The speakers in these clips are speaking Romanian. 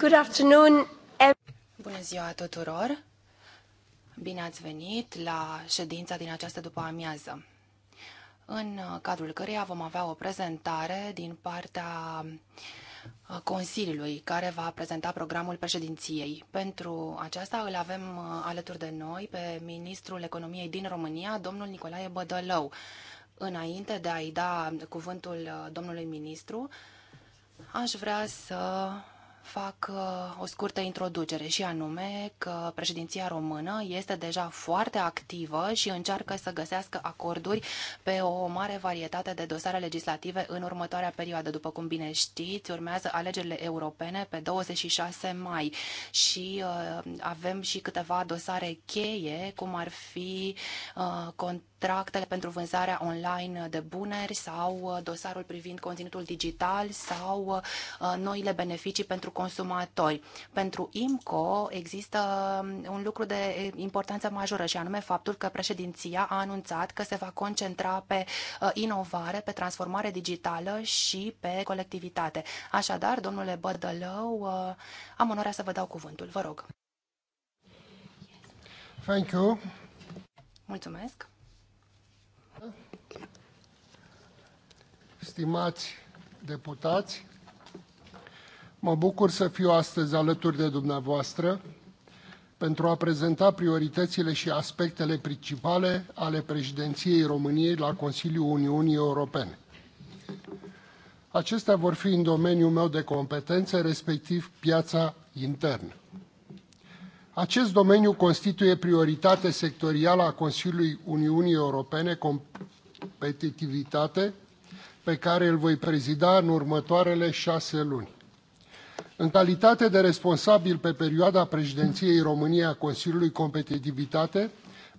Good afternoon. Bună ziua tuturor! Bine ați venit la ședința din această după amiază, în uh, cadrul căreia vom avea o prezentare din partea uh, Consiliului, care va prezenta programul președinției. Pentru aceasta îl avem uh, alături de noi pe ministrul economiei din România, domnul Nicolae Bădălău. Înainte de a-i da cuvântul domnului ministru, aș vrea să fac uh, o scurtă introducere și anume că președinția română este deja foarte activă și încearcă să găsească acorduri pe o mare varietate de dosare legislative în următoarea perioadă. După cum bine știți, urmează alegerile europene pe 26 mai și uh, avem și câteva dosare cheie, cum ar fi uh, contractele pentru vânzarea online de buneri sau uh, dosarul privind conținutul digital sau uh, noile beneficii pentru consumatori. Pentru IMCO există um, un lucru de importanță majoră și anume faptul că președinția a anunțat că se va concentra pe uh, inovare, pe transformare digitală și pe colectivitate. Așadar, domnule Bădălău, am onoarea să vă dau cuvântul. Vă rog. Thank you. Mulțumesc. stimați deputați, mă bucur să fiu astăzi alături de dumneavoastră pentru a prezenta prioritățile și aspectele principale ale președinției României la Consiliul Uniunii Europene. Acestea vor fi în domeniul meu de competență respectiv piața internă. Acest domeniu constituie prioritate sectorială a Consiliului Uniunii Europene, competitivitate, pe care îl voi prezida în următoarele șase luni. În calitate de responsabil pe perioada președinției României a Consiliului Competitivitate,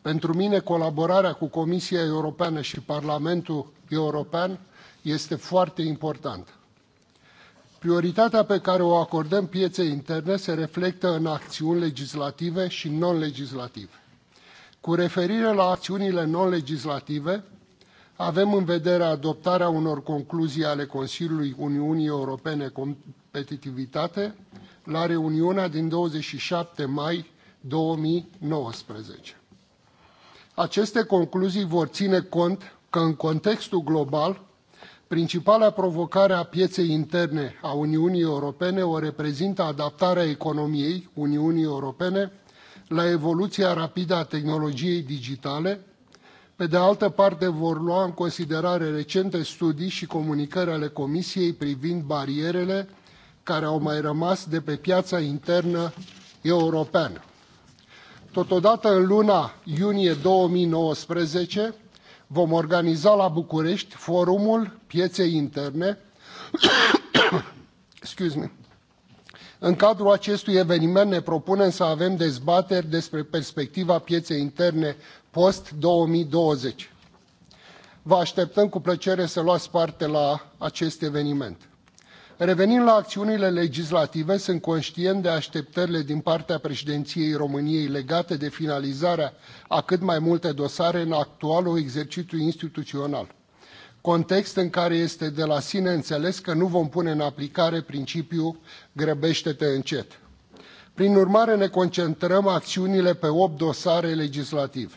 pentru mine colaborarea cu Comisia Europeană și Parlamentul European este foarte importantă. Prioritatea pe care o acordăm pieței interne se reflectă în acțiuni legislative și non-legislative. Cu referire la acțiunile non-legislative, avem în vedere adoptarea unor concluzii ale Consiliului Uniunii Europene Competitivitate la reuniunea din 27 mai 2019. Aceste concluzii vor ține cont că în contextul global, principala provocare a pieței interne a Uniunii Europene o reprezintă adaptarea economiei Uniunii Europene la evoluția rapidă a tehnologiei digitale, pe de altă parte, vor lua în considerare recente studii și comunicări ale Comisiei privind barierele care au mai rămas de pe piața internă europeană. Totodată, în luna iunie 2019, vom organiza la București forumul pieței interne. Excuse me. În cadrul acestui eveniment ne propunem să avem dezbateri despre perspectiva pieței interne post-2020. Vă așteptăm cu plăcere să luați parte la acest eveniment. Revenind la acțiunile legislative, sunt conștient de așteptările din partea președinției României legate de finalizarea a cât mai multe dosare în actualul exercițiu instituțional, context în care este de la sine înțeles că nu vom pune în aplicare principiul grăbește-te încet. Prin urmare, ne concentrăm acțiunile pe opt dosare legislative.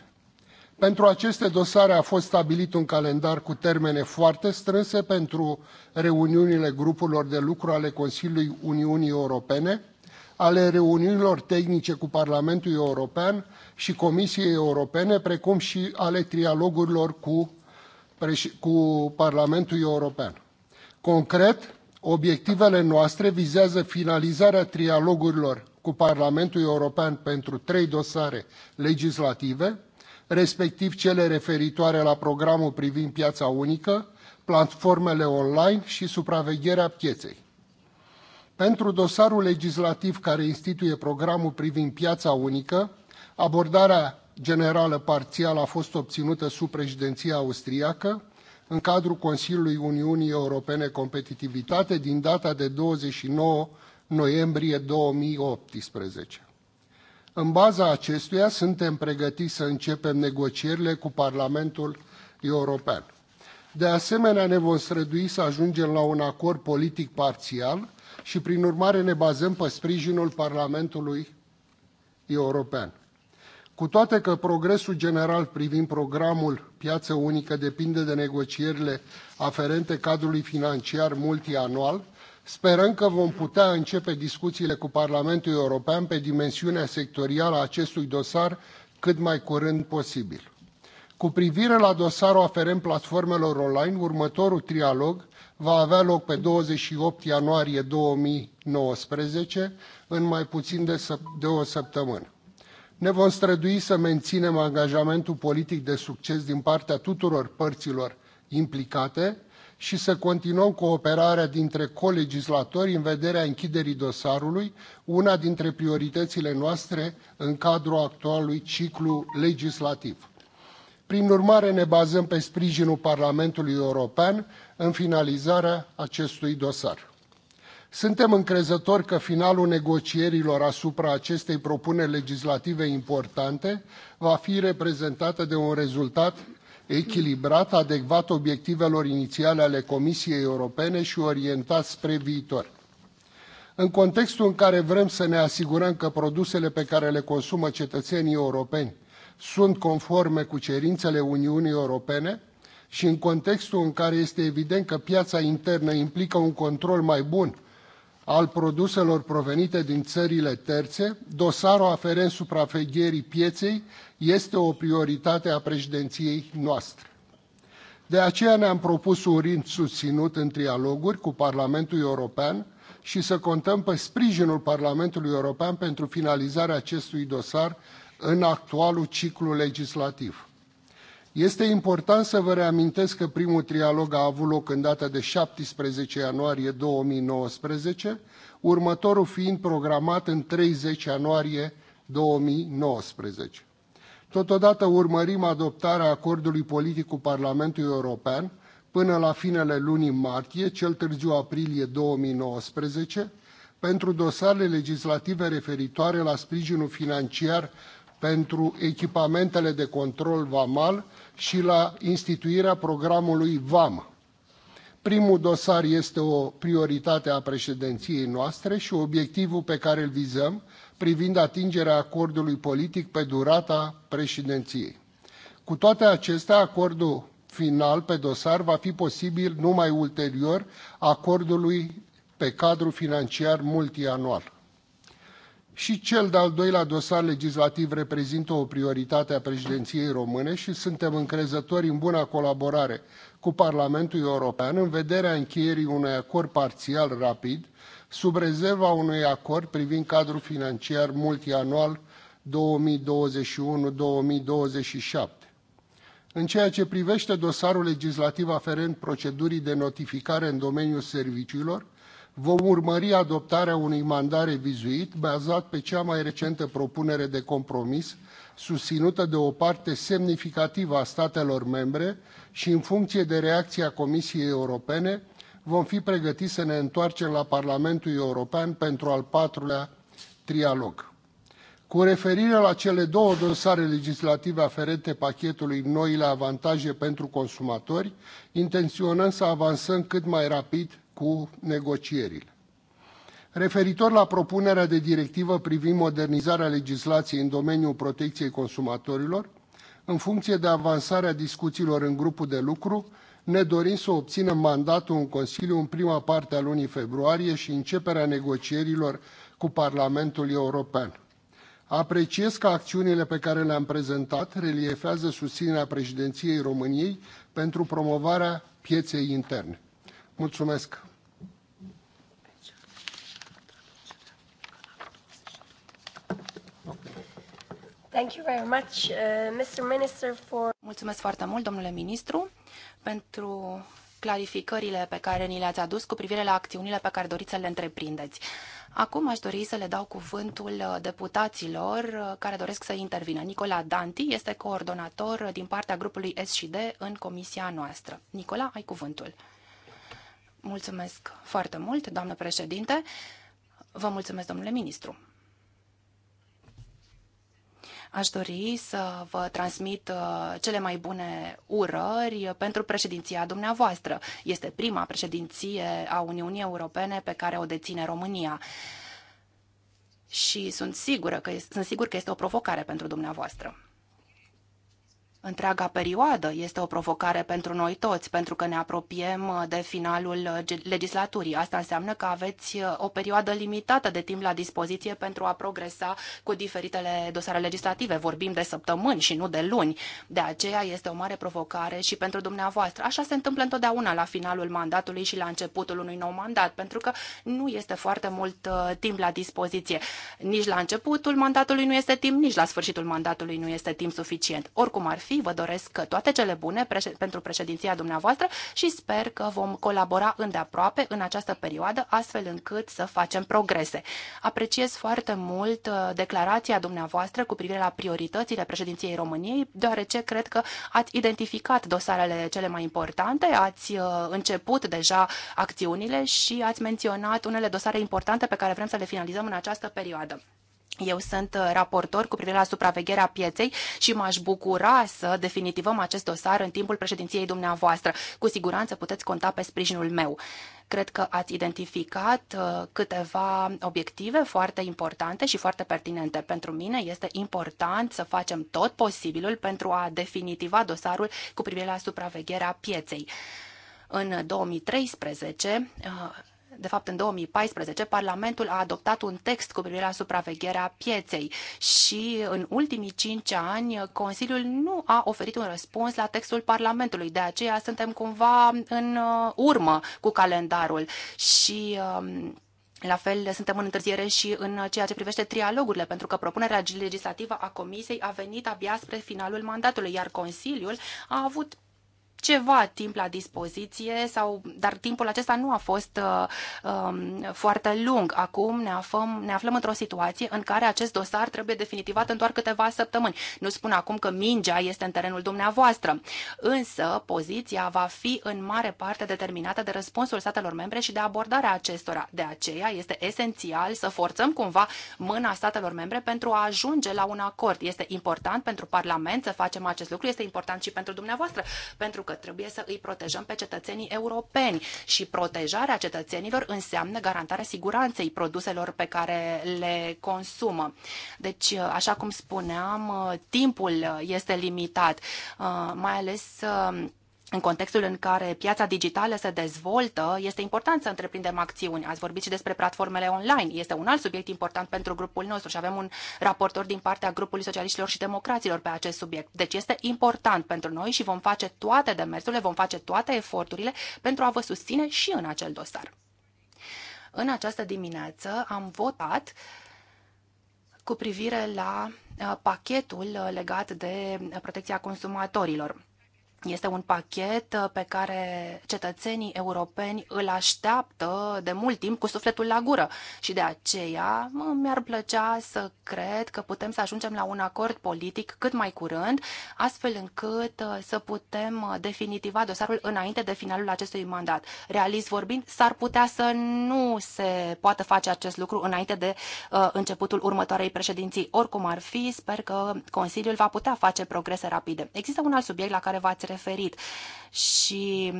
Pentru aceste dosare a fost stabilit un calendar cu termene foarte strânse pentru reuniunile grupurilor de lucru ale Consiliului Uniunii Europene, ale reuniunilor tehnice cu Parlamentul European și Comisiei Europene, precum și ale trialogurilor cu, cu Parlamentul European. Concret, obiectivele noastre vizează finalizarea trialogurilor cu Parlamentul European pentru trei dosare legislative, respectiv cele referitoare la programul privind piața unică, platformele online și supravegherea pieței. Pentru dosarul legislativ care instituie programul privind piața unică, abordarea generală parțială a fost obținută sub președinția austriacă, în cadrul Consiliului Uniunii Europene Competitivitate din data de 29 noiembrie 2018. În baza acestuia suntem pregătiți să începem negocierile cu Parlamentul European. De asemenea, ne vom strădui să ajungem la un acord politic parțial și, prin urmare, ne bazăm pe sprijinul Parlamentului European. Cu toate că progresul general privind programul Piață Unică depinde de negocierile aferente cadrului financiar multianual, Sperăm că vom putea începe discuțiile cu Parlamentul European pe dimensiunea sectorială a acestui dosar cât mai curând posibil. Cu privire la dosarul aferent platformelor online, următorul trialog va avea loc pe 28 ianuarie 2019, în mai puțin de, săp- de o săptămână. Ne vom strădui să menținem angajamentul politic de succes din partea tuturor părților implicate și să continuăm cooperarea dintre colegislatori în vederea închiderii dosarului, una dintre prioritățile noastre în cadrul actualului ciclu legislativ. Prin urmare, ne bazăm pe sprijinul Parlamentului European în finalizarea acestui dosar. Suntem încrezători că finalul negocierilor asupra acestei propuneri legislative importante va fi reprezentată de un rezultat echilibrat, adecvat obiectivelor inițiale ale Comisiei Europene și orientat spre viitor. În contextul în care vrem să ne asigurăm că produsele pe care le consumă cetățenii europeni sunt conforme cu cerințele Uniunii Europene și în contextul în care este evident că piața internă implică un control mai bun al produselor provenite din țările terțe, dosarul aferent supravegherii pieței este o prioritate a președinției noastre. De aceea ne-am propus un ritm susținut în trialoguri cu Parlamentul European și să contăm pe sprijinul Parlamentului European pentru finalizarea acestui dosar în actualul ciclu legislativ. Este important să vă reamintesc că primul trialog a avut loc în data de 17 ianuarie 2019, următorul fiind programat în 30 ianuarie 2019. Totodată urmărim adoptarea acordului politic cu Parlamentul European până la finele lunii martie, cel târziu aprilie 2019, pentru dosarele legislative referitoare la sprijinul financiar pentru echipamentele de control vamal și la instituirea programului VAM. Primul dosar este o prioritate a președinției noastre și obiectivul pe care îl vizăm privind atingerea acordului politic pe durata președinției. Cu toate acestea, acordul final pe dosar va fi posibil numai ulterior acordului pe cadru financiar multianual. Și cel de-al doilea dosar legislativ reprezintă o prioritate a președinției române și suntem încrezători în buna colaborare cu Parlamentul European în vederea încheierii unui acord parțial rapid, sub rezerva unui acord privind cadrul financiar multianual 2021-2027. În ceea ce privește dosarul legislativ aferent procedurii de notificare în domeniul serviciilor, vom urmări adoptarea unui mandat revizuit bazat pe cea mai recentă propunere de compromis susținută de o parte semnificativă a statelor membre și în funcție de reacția Comisiei Europene vom fi pregătiți să ne întoarcem la Parlamentul European pentru al patrulea trialog. Cu referire la cele două dosare legislative aferente pachetului noile avantaje pentru consumatori, intenționăm să avansăm cât mai rapid cu negocierile. Referitor la propunerea de directivă privind modernizarea legislației în domeniul protecției consumatorilor, în funcție de avansarea discuțiilor în grupul de lucru, ne dorim să obținem mandatul în Consiliu în prima parte a lunii februarie și începerea negocierilor cu Parlamentul European. Apreciez că acțiunile pe care le-am prezentat reliefează susținerea președinției României pentru promovarea pieței interne. Mulțumesc! Thank you very much, uh, Mr. Minister, for... Mulțumesc foarte mult, domnule ministru, pentru clarificările pe care ni le-ați adus cu privire la acțiunile pe care doriți să le întreprindeți. Acum aș dori să le dau cuvântul deputaților care doresc să intervină. Nicola Danti este coordonator din partea grupului S&D în comisia noastră. Nicola, ai cuvântul. Mulțumesc foarte mult, doamnă președinte. Vă mulțumesc, domnule ministru. Aș dori să vă transmit uh, cele mai bune urări pentru președinția dumneavoastră. Este prima președinție a Uniunii Europene pe care o deține România. Și sunt, sigură că, sunt sigur că este o provocare pentru dumneavoastră. Întreaga perioadă este o provocare pentru noi toți, pentru că ne apropiem uh, de finalul uh, legislaturii. Asta înseamnă că aveți uh, o perioadă limitată de timp la dispoziție pentru a progresa cu diferitele dosare legislative. Vorbim de săptămâni și nu de luni. De aceea este o mare provocare și pentru dumneavoastră. Așa se întâmplă întotdeauna la finalul mandatului și la începutul unui nou mandat, pentru că nu este foarte mult timp la dispoziție. Nici la începutul mandatului nu este timp, nici la sfârșitul mandatului nu este timp suficient. Oricum ar fi, fi. vă doresc toate cele bune pentru președinția dumneavoastră și sper că vom colabora îndeaproape în această perioadă, astfel încât să facem progrese. Apreciez foarte mult uh, declarația dumneavoastră cu privire la prioritățile președinției României, deoarece cred că ați identificat dosarele cele mai importante, ați uh, început deja acțiunile și ați menționat unele dosare importante pe care vrem să le finalizăm în această perioadă. Eu sunt uh, raportor cu privire la supravegherea pieței și m-aș bucura să definitivăm acest dosar în timpul președinției dumneavoastră. Cu siguranță puteți conta pe sprijinul meu. Cred că ați identificat uh, câteva obiective foarte importante și foarte pertinente. Pentru mine este important să facem tot posibilul pentru a definitiva dosarul cu privire la supravegherea pieței. În 2013, de fapt în 2014, Parlamentul a adoptat un text cu privire la supravegherea pieței și în ultimii cinci ani Consiliul nu a oferit un răspuns la textul Parlamentului. De aceea suntem cumva în uh, urmă cu calendarul și um, la fel, suntem în întârziere și în ceea ce privește trialogurile, pentru că propunerea legislativă a Comisiei a venit abia spre finalul mandatului, iar Consiliul a avut ceva timp la dispoziție, sau, dar timpul acesta nu a fost uh, um, foarte lung. Acum ne aflăm, ne aflăm într-o situație în care acest dosar trebuie definitivat în doar câteva săptămâni. Nu spun acum că mingea este în terenul dumneavoastră, însă poziția va fi în mare parte determinată de răspunsul statelor membre și de abordarea acestora. De aceea este esențial să forțăm cumva mâna statelor membre pentru a ajunge la un acord. Este important pentru Parlament să facem acest lucru, este important și pentru dumneavoastră, pentru că trebuie să îi protejăm pe cetățenii europeni și protejarea cetățenilor înseamnă garantarea siguranței produselor pe care le consumă. Deci, așa cum spuneam, timpul este limitat, uh, mai ales uh, în contextul în care piața digitală se dezvoltă, este important să întreprindem acțiuni. Ați vorbit și despre platformele online. Este un alt subiect important pentru grupul nostru și avem un raportor din partea grupului socialiștilor și democraților pe acest subiect. Deci este important pentru noi și vom face toate demersurile, vom face toate eforturile pentru a vă susține și în acel dosar. În această dimineață am votat cu privire la uh, pachetul uh, legat de protecția consumatorilor este un pachet uh, pe care cetățenii europeni îl așteaptă de mult timp cu sufletul la gură și de aceea mi-ar plăcea să cred că putem să ajungem la un acord politic cât mai curând, astfel încât uh, să putem uh, definitiva dosarul înainte de finalul acestui mandat. Realist vorbind, s-ar putea să nu se poată face acest lucru înainte de începutul următoarei președinții. Oricum ar fi, sper că Consiliul va putea face progrese rapide. Există un alt subiect la care v-ați referit. Și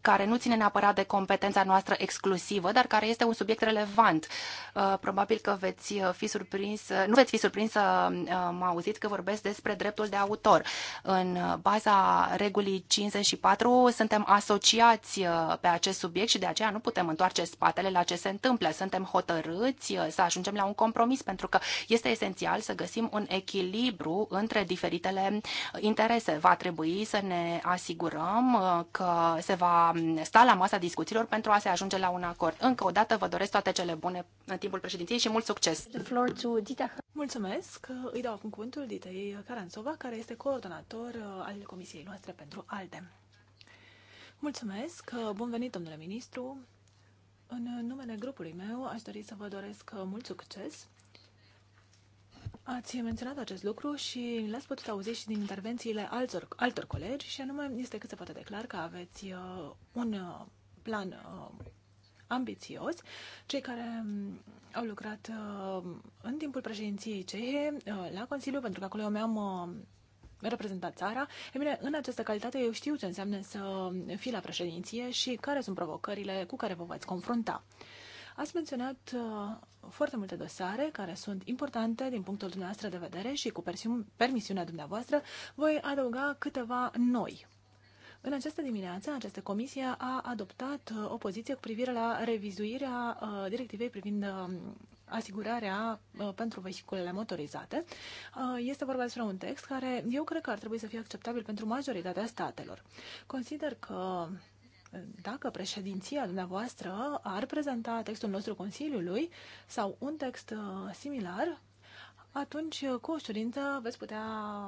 care nu ține neapărat de competența noastră exclusivă, dar care este un subiect relevant. Uh, probabil că veți uh, fi surprins, uh, nu veți fi surprins să mă auzit că vorbesc despre dreptul de autor. În baza regulii 54 suntem asociați pe acest subiect și de aceea nu putem întoarce spatele la ce se întâmplă. Suntem hotărâți să ajungem la un compromis pentru că este esențial să găsim un echilibru între diferitele interese. Va trebui să ne asigurăm că se va sta la masa discuțiilor pentru a se ajunge la un acord. Încă o dată vă doresc toate cele bune în timpul președinției și mult succes! Mulțumesc! Îi dau acum cuvântul Ditei Caranțova, care este coordonator uh, al Comisiei noastre pentru ALDE. Mulțumesc! Uh, bun venit, domnule ministru! În numele grupului meu aș dori să vă doresc uh, mult succes Ați menționat acest lucru și l-ați putut auzi și din intervențiile altor, altor colegi și anume este cât se poate de clar că aveți uh, un uh, plan uh, ambițios. Cei care mm, au lucrat uh, în timpul președinției cehe uh, la Consiliu, pentru că acolo eu mi-am uh, reprezentat țara. E bine, în această calitate eu știu ce înseamnă să fii la președinție și care sunt provocările cu care vă veți confrunta. Ați menționat uh, foarte multe dosare care sunt importante din punctul dumneavoastră de vedere și cu permisiunea dumneavoastră voi adăuga câteva noi. În această dimineață, această comisie a adoptat uh, o poziție cu privire la revizuirea uh, directivei privind um, asigurarea pentru vehiculele motorizate. Este vorba despre un text care eu cred că ar trebui să fie acceptabil pentru majoritatea statelor. Consider că dacă președinția dumneavoastră ar prezenta textul nostru Consiliului sau un text uh, similar, atunci uh, cu ușurință veți putea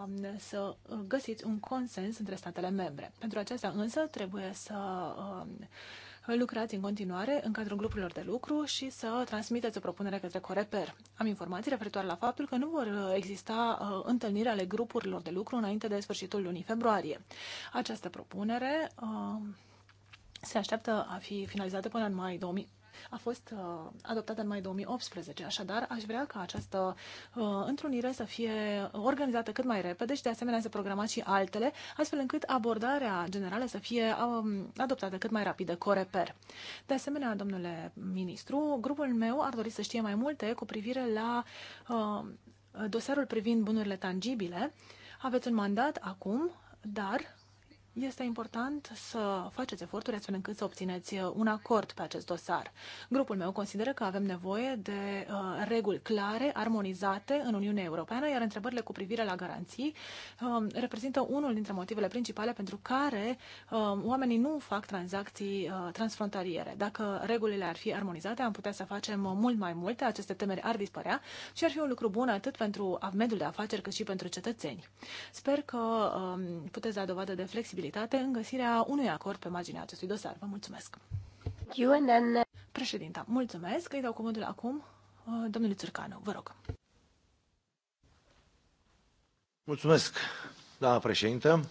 um, să uh, găsiți un consens între statele membre. Pentru aceasta însă trebuie să um, lucrați în continuare în cadrul grupurilor de lucru și să transmiteți o propunere către Coreper. Am informații referitoare la faptul că nu vor exista întâlniri ale grupurilor de lucru înainte de sfârșitul lunii februarie. Această propunere um, se așteaptă a fi finalizată până în mai 2000, a fost uh, adoptată în mai 2018. Așadar, aș vrea ca această uh, întrunire să fie organizată cât mai repede și, de asemenea, să programați și altele, astfel încât abordarea generală să fie um, adoptată cât mai rapidă, coreper. De asemenea, domnule ministru, grupul meu ar dori să știe mai multe cu privire la uh, dosarul privind bunurile tangibile. Aveți un mandat acum, dar este important să faceți eforturi astfel încât să obțineți uh, un acord pe acest dosar. Grupul meu consideră că avem nevoie de uh, reguli clare, armonizate în Uniunea Europeană, iar întrebările cu privire la garanții uh, reprezintă unul dintre motivele principale pentru care uh, oamenii nu fac tranzacții uh, transfrontaliere. Dacă regulile ar fi armonizate, am putea să facem mult mai multe, aceste temeri ar dispărea și ar fi un lucru bun atât pentru mediul de afaceri cât și pentru cetățeni. Sper că um, puteți da dovadă de flexibilitate posibilitate în găsirea unui acord pe marginea acestui dosar. Vă mulțumesc! UNN. Uh, Președinta, mulțumesc. Îi dau cuvântul acum uh, domnului Țurcanu. Vă rog. Mulțumesc, doamna președintă.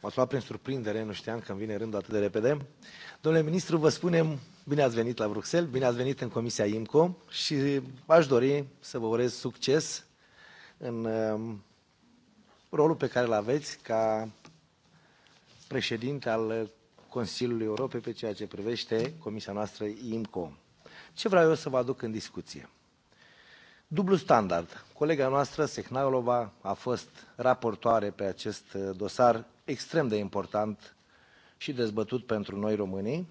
M-ați luat prin surprindere, nu știam că îmi vine rândul atât de repede. Domnule ministru, vă spunem bine ați venit la Bruxelles, bine ați venit în Comisia IMCO și aș dori să vă urez succes în uh, rolul pe care îl aveți ca președinte al Consiliului Europei pe ceea ce privește comisia noastră IMCO. Ce vreau eu să vă aduc în discuție? Dublu standard. Colega noastră, Sehnalova, a fost raportoare pe acest dosar extrem de important și dezbătut pentru noi românii,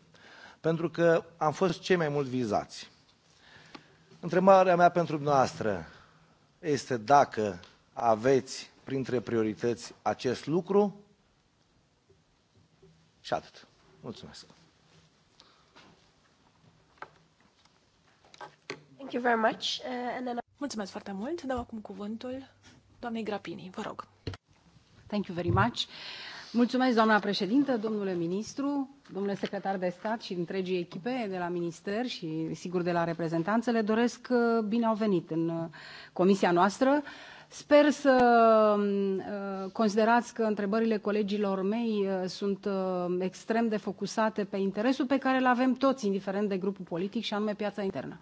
pentru că am fost cei mai mult vizați. Întrebarea mea pentru dumneavoastră este dacă aveți printre priorități acest lucru și atât. Mulțumesc. Thank you very much. Uh, and then... Mulțumesc foarte mult. Dau acum cuvântul doamnei Grapini. Vă rog. Thank you very much. Mulțumesc, doamna președintă, domnule ministru, domnule secretar de stat și întregii echipe de la minister și, sigur, de la reprezentanțele. Doresc uh, bine au venit în uh, comisia noastră. Uh, Sper să mm, uh, considerați că întrebările colegilor mei uh, sunt uh, extrem de focusate pe interesul pe care îl avem toți, indiferent de grupul politic, și anume piața internă.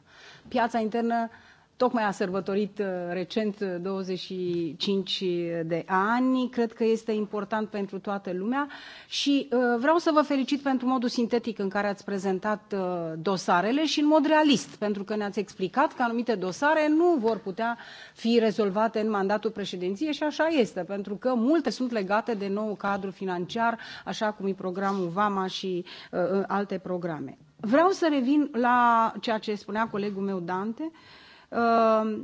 Piața internă tocmai a sărbătorit uh, recent 25 uh, uh, de ani. Cred că este important pentru toată lumea și vreau să vă felicit pentru modul sintetic în care ați prezentat dosarele și în mod realist, pentru că ne-ați explicat că anumite dosare nu vor putea fi rezolvate în mandatul președinției și așa este, pentru că multe sunt legate de nou cadru financiar, așa cum e programul VAMA și alte programe. Vreau să revin la ceea ce spunea colegul meu Dante, Uh,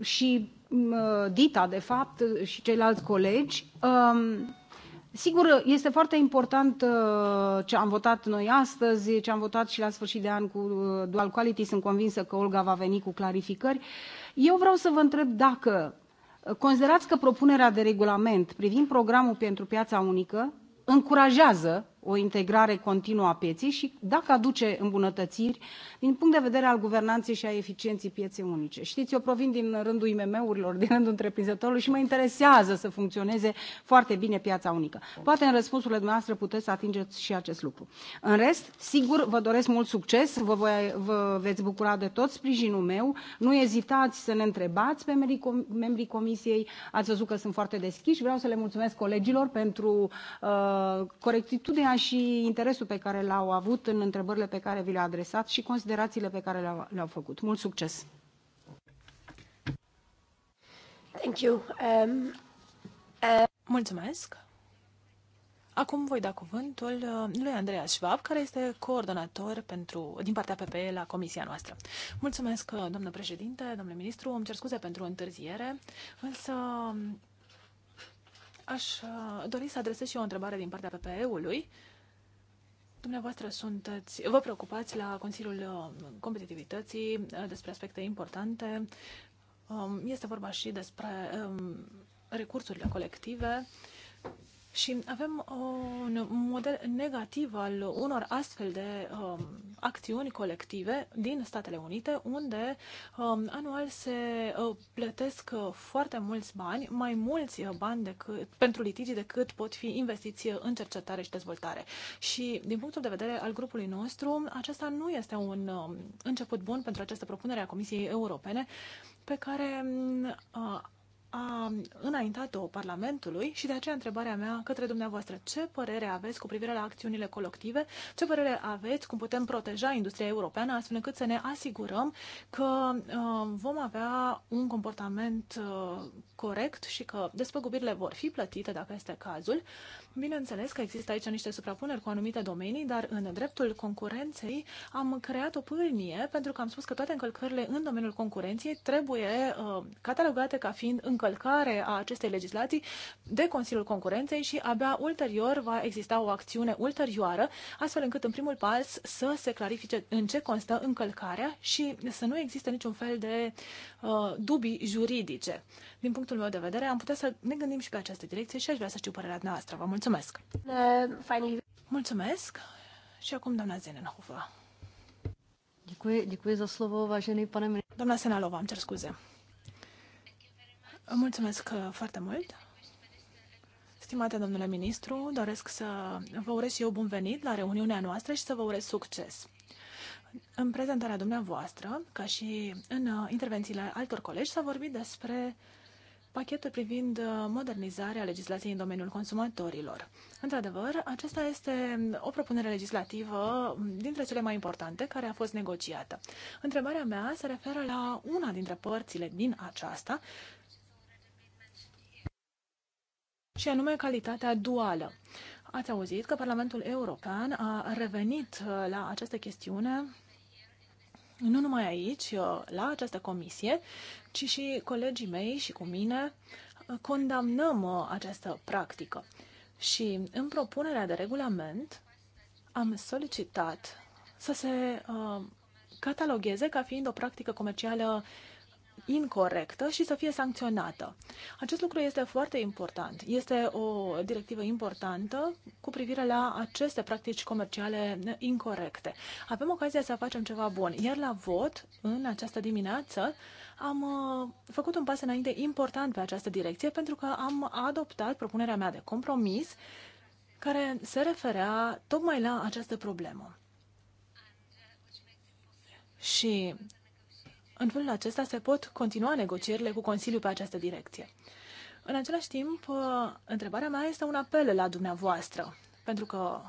și uh, Dita, de fapt, și ceilalți colegi. Um, sigur, este foarte important uh, ce am votat noi astăzi, ce am votat și la sfârșit de an cu Dual Quality. Sunt convinsă că Olga va veni cu clarificări. Eu vreau să vă întreb dacă considerați că propunerea de regulament privind programul pentru piața unică încurajează o integrare continuă a pieței și dacă aduce îmbunătățiri din punct de vedere al guvernanței și a eficienței pieței unice. Știți, eu provin din rândul IMM-urilor, din rândul întreprinzătorilor și mă interesează să funcționeze foarte bine piața unică. Poate în răspunsurile dumneavoastră puteți să atingeți și acest lucru. În rest, sigur, vă doresc mult succes, vă, voi, vă veți bucura de tot sprijinul meu, nu ezitați să ne întrebați pe membrii, com membrii comisiei, ați văzut că sunt foarte deschiși, vreau să le mulțumesc colegilor pentru uh, corectitudinea și interesul pe care l-au avut în întrebările pe care vi le-a adresat și considerațiile pe care le-au, le făcut. Mult succes! Thank you. Um, uh... Mulțumesc! Acum voi da cuvântul uh, lui Andreea Schwab, care este coordonator pentru, din partea PPE la comisia noastră. Mulțumesc, uh, domnule președinte, domnule ministru, îmi cer scuze pentru întârziere, însă um, Aș uh, dori să adresez și eu o întrebare din partea PPE-ului. Dumneavoastră sunteți, vă preocupați la Consiliul uh, Competitivității uh, despre aspecte importante. Um, este vorba și despre um, recursurile colective și avem un model negativ al unor astfel de um, acțiuni colective din Statele Unite, unde um, anual se uh, plătesc uh, foarte mulți bani, mai mulți uh, bani decât, pentru litigi decât pot fi investiții uh, în cercetare și dezvoltare. Și din punctul de vedere al grupului nostru, acesta nu este un um, început bun pentru această propunere a Comisiei Europene, pe care mm, a înaintat-o Parlamentului și de aceea întrebarea mea către dumneavoastră, ce părere aveți cu privire la acțiunile colective, ce părere aveți cum putem proteja industria europeană astfel încât să ne asigurăm că uh, vom avea un comportament uh, corect și că despăgubirile vor fi plătite dacă este cazul Bineînțeles că există aici niște suprapuneri cu anumite domenii, dar în dreptul concurenței am creat o pâlnie pentru că am spus că toate încălcările în domeniul concurenței trebuie uh, catalogate ca fiind încălcare a acestei legislații de Consiliul Concurenței și abia ulterior va exista o acțiune ulterioară, astfel încât în primul pas să se clarifice în ce constă încălcarea și să nu existe niciun fel de Uh, dubii juridice. Din punctul meu de vedere, am putea să ne gândim și pe această direcție și aș vrea să știu părerea noastră. Vă mulțumesc! mulțumesc! Și acum, doamna Zenenhova. Děkuji, děkuji za slovo, vážený pane ministr. Doamna Senalova, am cer scuze. Mulțumesc uh, foarte mult. Stimate domnule ministru, doresc să vă urez și eu bun venit la reuniunea noastră și să vă urez succes. În prezentarea dumneavoastră, ca și în uh, intervențiile altor colegi, s-a vorbit despre pachetul privind uh, modernizarea legislației în domeniul consumatorilor. Într-adevăr, acesta este o propunere legislativă um, dintre cele mai importante care a fost negociată. Întrebarea mea se referă la una dintre părțile din aceasta, și anume calitatea duală. Ați auzit că Parlamentul European a revenit uh, la această chestiune nu numai aici, uh, la această comisie, ci și colegii mei și cu mine uh, condamnăm uh, această practică. Și în propunerea de regulament am solicitat să se catalogheze ca fiind o practică comercială incorrectă și să fie sancționată. Acest lucru este foarte important. Este o directivă importantă cu privire la aceste practici comerciale incorrecte. Avem ocazia să facem ceva bun. Iar la vot, în această dimineață, am uh, făcut un pas înainte important pe această direcție pentru că am adoptat propunerea mea de compromis care se referea tocmai la această problemă. Și în felul acesta se pot continua negocierile cu Consiliul pe această direcție. În același timp, uh, întrebarea mea este un apel la dumneavoastră, pentru că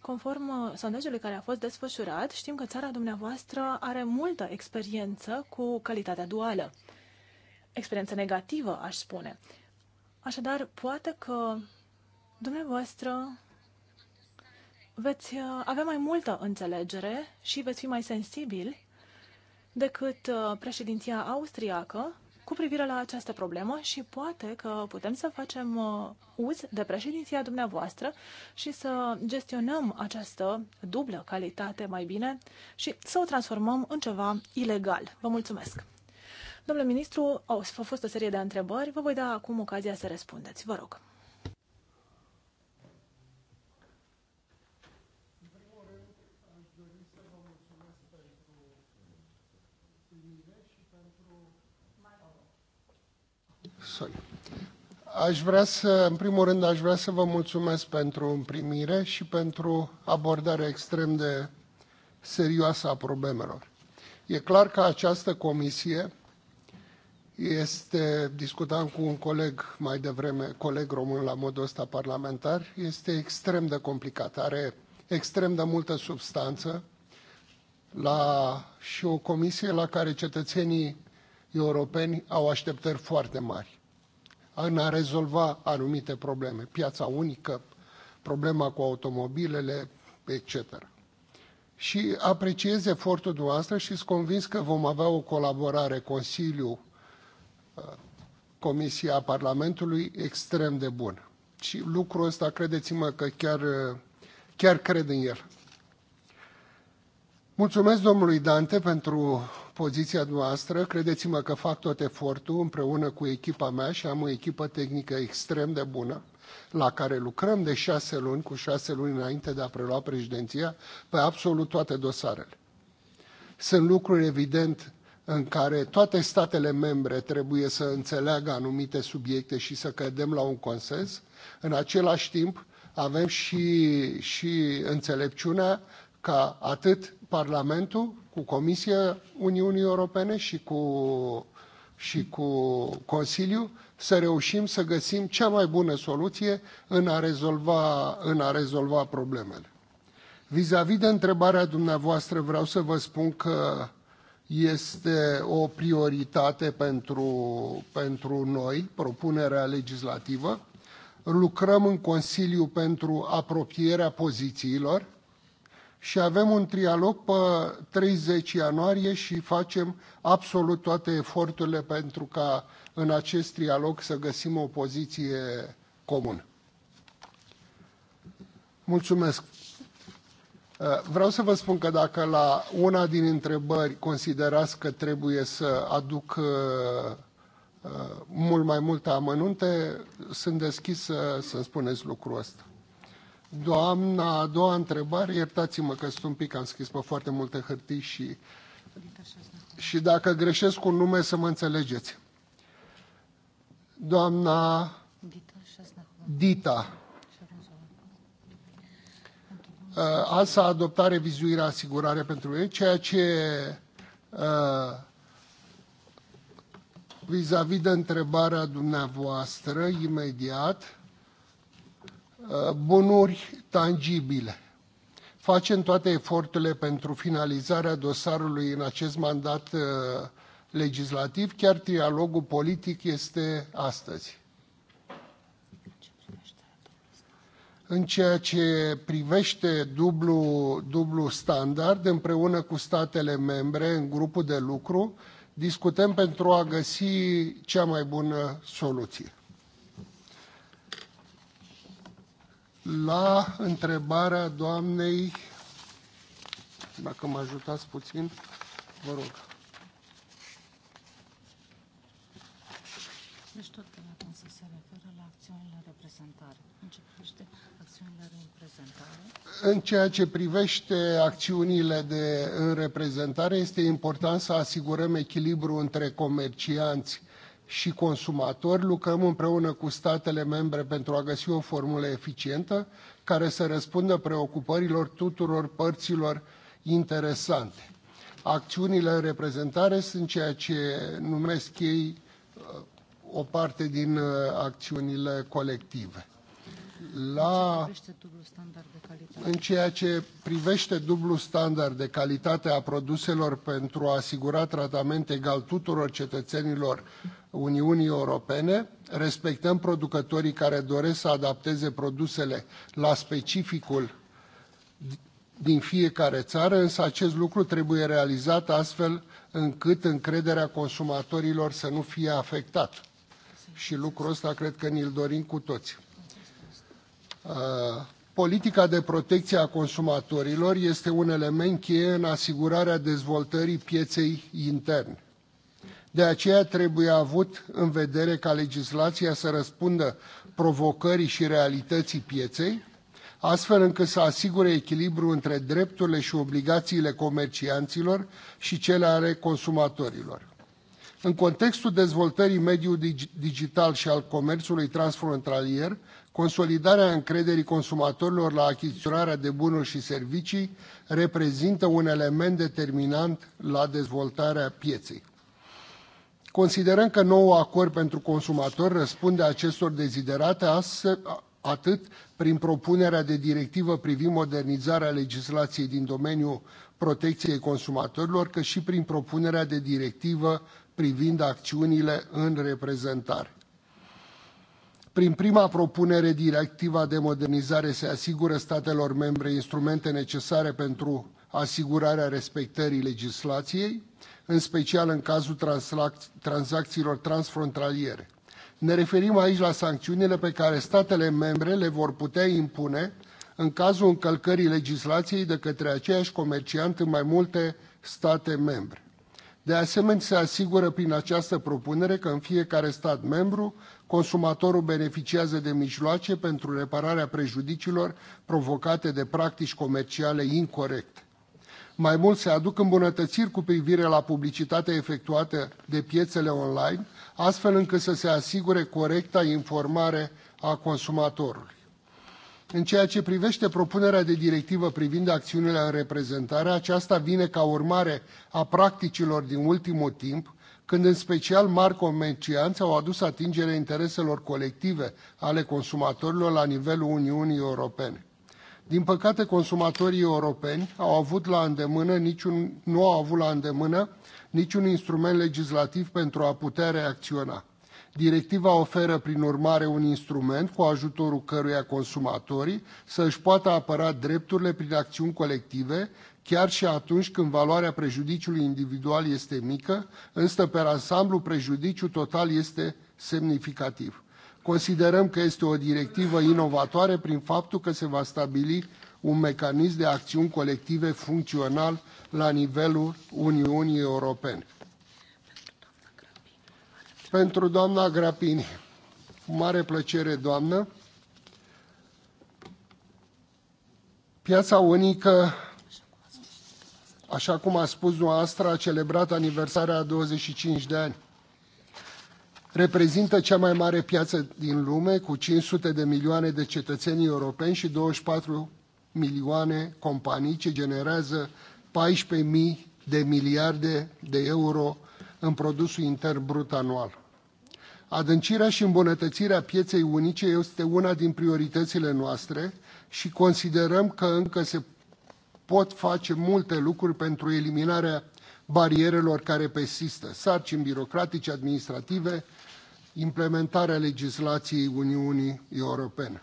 Conform uh, sondajului care a fost desfășurat, știm că țara dumneavoastră are multă experiență cu calitatea duală. Experiență negativă, aș spune. Așadar, poate că dumneavoastră veți uh, avea mai multă înțelegere și veți fi mai sensibili decât uh, președinția austriacă cu privire la această problemă și poate că putem să facem uh, uz de președinția dumneavoastră și să gestionăm această dublă calitate mai bine și să o transformăm în ceva ilegal. Vă mulțumesc! Domnule ministru, au fost o serie de întrebări. Vă voi da acum ocazia să răspundeți. Vă rog. Sorry. Aș vrea să, în primul rând, aș vrea să vă mulțumesc pentru primire și pentru abordarea extrem de serioasă a problemelor. E clar că această comisie este, discutam cu un coleg mai devreme, coleg român la modul ăsta parlamentar, este extrem de complicat, are extrem de multă substanță la, și o comisie la care cetățenii europeni au așteptări foarte mari în a rezolva anumite probleme, piața unică, problema cu automobilele, etc. Și apreciez efortul dumneavoastră și sunt convins că vom avea o colaborare Consiliu uh, Comisia Parlamentului extrem de bună. Și lucrul ăsta, credeți-mă că chiar, uh, chiar cred în el. Mulțumesc domnului Dante pentru poziția noastră. Credeți-mă că fac tot efortul împreună cu echipa mea și am o echipă tehnică extrem de bună la care lucrăm de șase luni, cu șase luni înainte de a prelua președinția, pe absolut toate dosarele. Sunt lucruri evident în care toate statele membre trebuie să înțeleagă anumite subiecte și să cădem la un consens. În același timp, avem și, și înțelepciunea ca atât Parlamentul, cu Comisia Uniunii Europene și cu, și cu Consiliul să reușim să găsim cea mai bună soluție în a rezolva, în a rezolva problemele. Vis-a-vis -vis de întrebarea dumneavoastră, vreau să vă spun că este o prioritate pentru, pentru noi, propunerea legislativă. Lucrăm în Consiliu pentru apropierea pozițiilor și avem un trialog pe 30 ianuarie și facem absolut toate eforturile pentru ca în acest trialog să găsim o poziție comună. Mulțumesc. Eh, vreau să vă spun că dacă la una din întrebări considerați că trebuie să aduc eh, eh, mult mai multe amănunte, sunt deschis să, să spuneți lucrul ăsta. Doamna, a doua întrebare, iertați-mă că sunt un pic, am scris pe foarte multe hârtii și, și dacă greșesc cu nume să mă înțelegeți. Doamna Dita. Uh, Azi s-a adoptat revizuirea asigurare pentru ei, ceea ce uh, vis-a-vis -vis de întrebarea dumneavoastră, imediat, Uh, bunuri tangibile. Facem toate eforturile pentru finalizarea dosarului în acest mandat uh, legislativ, chiar trialogul politic este astăzi. În ceea ce privește dublu, dublu standard, împreună cu statele membre, în grupul de lucru, discutăm pentru a găsi cea mai bună soluție. la întrebarea doamnei, dacă mă ajutați puțin, vă rog. Deci tot să se referă la acțiunile reprezentare. În ce privește acțiunile de reprezentare? În ceea ce privește acțiunile de reprezentare, este important să asigurăm echilibru între comercianți și consumatori, lucrăm împreună cu statele membre pentru a găsi o formulă eficientă care să răspundă preocupărilor tuturor părților interesante. Acțiunile în reprezentare sunt ceea ce numesc ei uh, o parte din uh, acțiunile colective la, în ceea ce privește dublu standard de calitate a produselor pentru a asigura tratament egal tuturor cetățenilor Uniunii Europene, respectăm producătorii care doresc să adapteze produsele la specificul din fiecare țară, însă acest lucru trebuie realizat astfel încât încrederea consumatorilor să nu fie afectată. Și lucrul ăsta cred că ni-l dorim cu toții. Politica de protecție a consumatorilor este un element cheie în asigurarea dezvoltării pieței interne. De aceea trebuie avut în vedere ca legislația să răspundă provocării și realității pieței, astfel încât să asigure echilibru între drepturile și obligațiile comercianților și cele ale consumatorilor. În contextul dezvoltării mediului digital și al comerțului transfrontalier, Consolidarea încrederii consumatorilor la achiziționarea de bunuri și servicii reprezintă un element determinant la dezvoltarea pieței. Considerăm că noul acord pentru consumator răspunde acestor deziderate atât prin propunerea de directivă privind modernizarea legislației din domeniul protecției consumatorilor, cât și prin propunerea de directivă privind acțiunile în reprezentare. Prin prima propunere, directiva de modernizare se asigură statelor membre instrumente necesare pentru asigurarea respectării legislației, în special în cazul tranzacțiilor transfrontaliere. Ne referim aici la sancțiunile pe care statele membre le vor putea impune în cazul încălcării legislației de către aceiași comerciant în mai multe state membre. De asemenea, se asigură prin această propunere că în fiecare stat membru Consumatorul beneficiază de mijloace pentru repararea prejudiciilor provocate de practici comerciale incorrecte. Mai mult se aduc îmbunătățiri cu privire la publicitatea efectuată de piețele online, astfel încât să se asigure corecta informare a consumatorului. În ceea ce privește propunerea de directivă privind acțiunile în reprezentare, aceasta vine ca urmare a practicilor din ultimul timp, când în special mari comercianți au adus atingere intereselor colective ale consumatorilor la nivelul Uniunii Europene. Din păcate, consumatorii europeni au avut la îndemână niciun, nu au avut la îndemână niciun instrument legislativ pentru a putea reacționa. Directiva oferă, prin urmare, un instrument cu ajutorul căruia consumatorii să își poată apăra drepturile prin acțiuni colective, chiar și atunci când valoarea prejudiciului individual este mică, însă pe ansamblu prejudiciu total este semnificativ. Considerăm că este o directivă inovatoare prin faptul că se va stabili un mecanism de acțiuni colective funcțional la nivelul Uniunii Europene pentru doamna Grapini. Cu mare plăcere, doamnă. Piața unică, așa cum a spus dumneavoastră, a celebrat aniversarea a 25 de ani. Reprezintă cea mai mare piață din lume, cu 500 de milioane de cetățeni europeni și 24 milioane companii ce generează 14.000 de miliarde de euro în produsul intern brut anual. Adâncirea și îmbunătățirea pieței unice este una din prioritățile noastre și considerăm că încă se pot face multe lucruri pentru eliminarea barierelor care persistă, sarcini birocratice, administrative, implementarea legislației Uniunii Europene.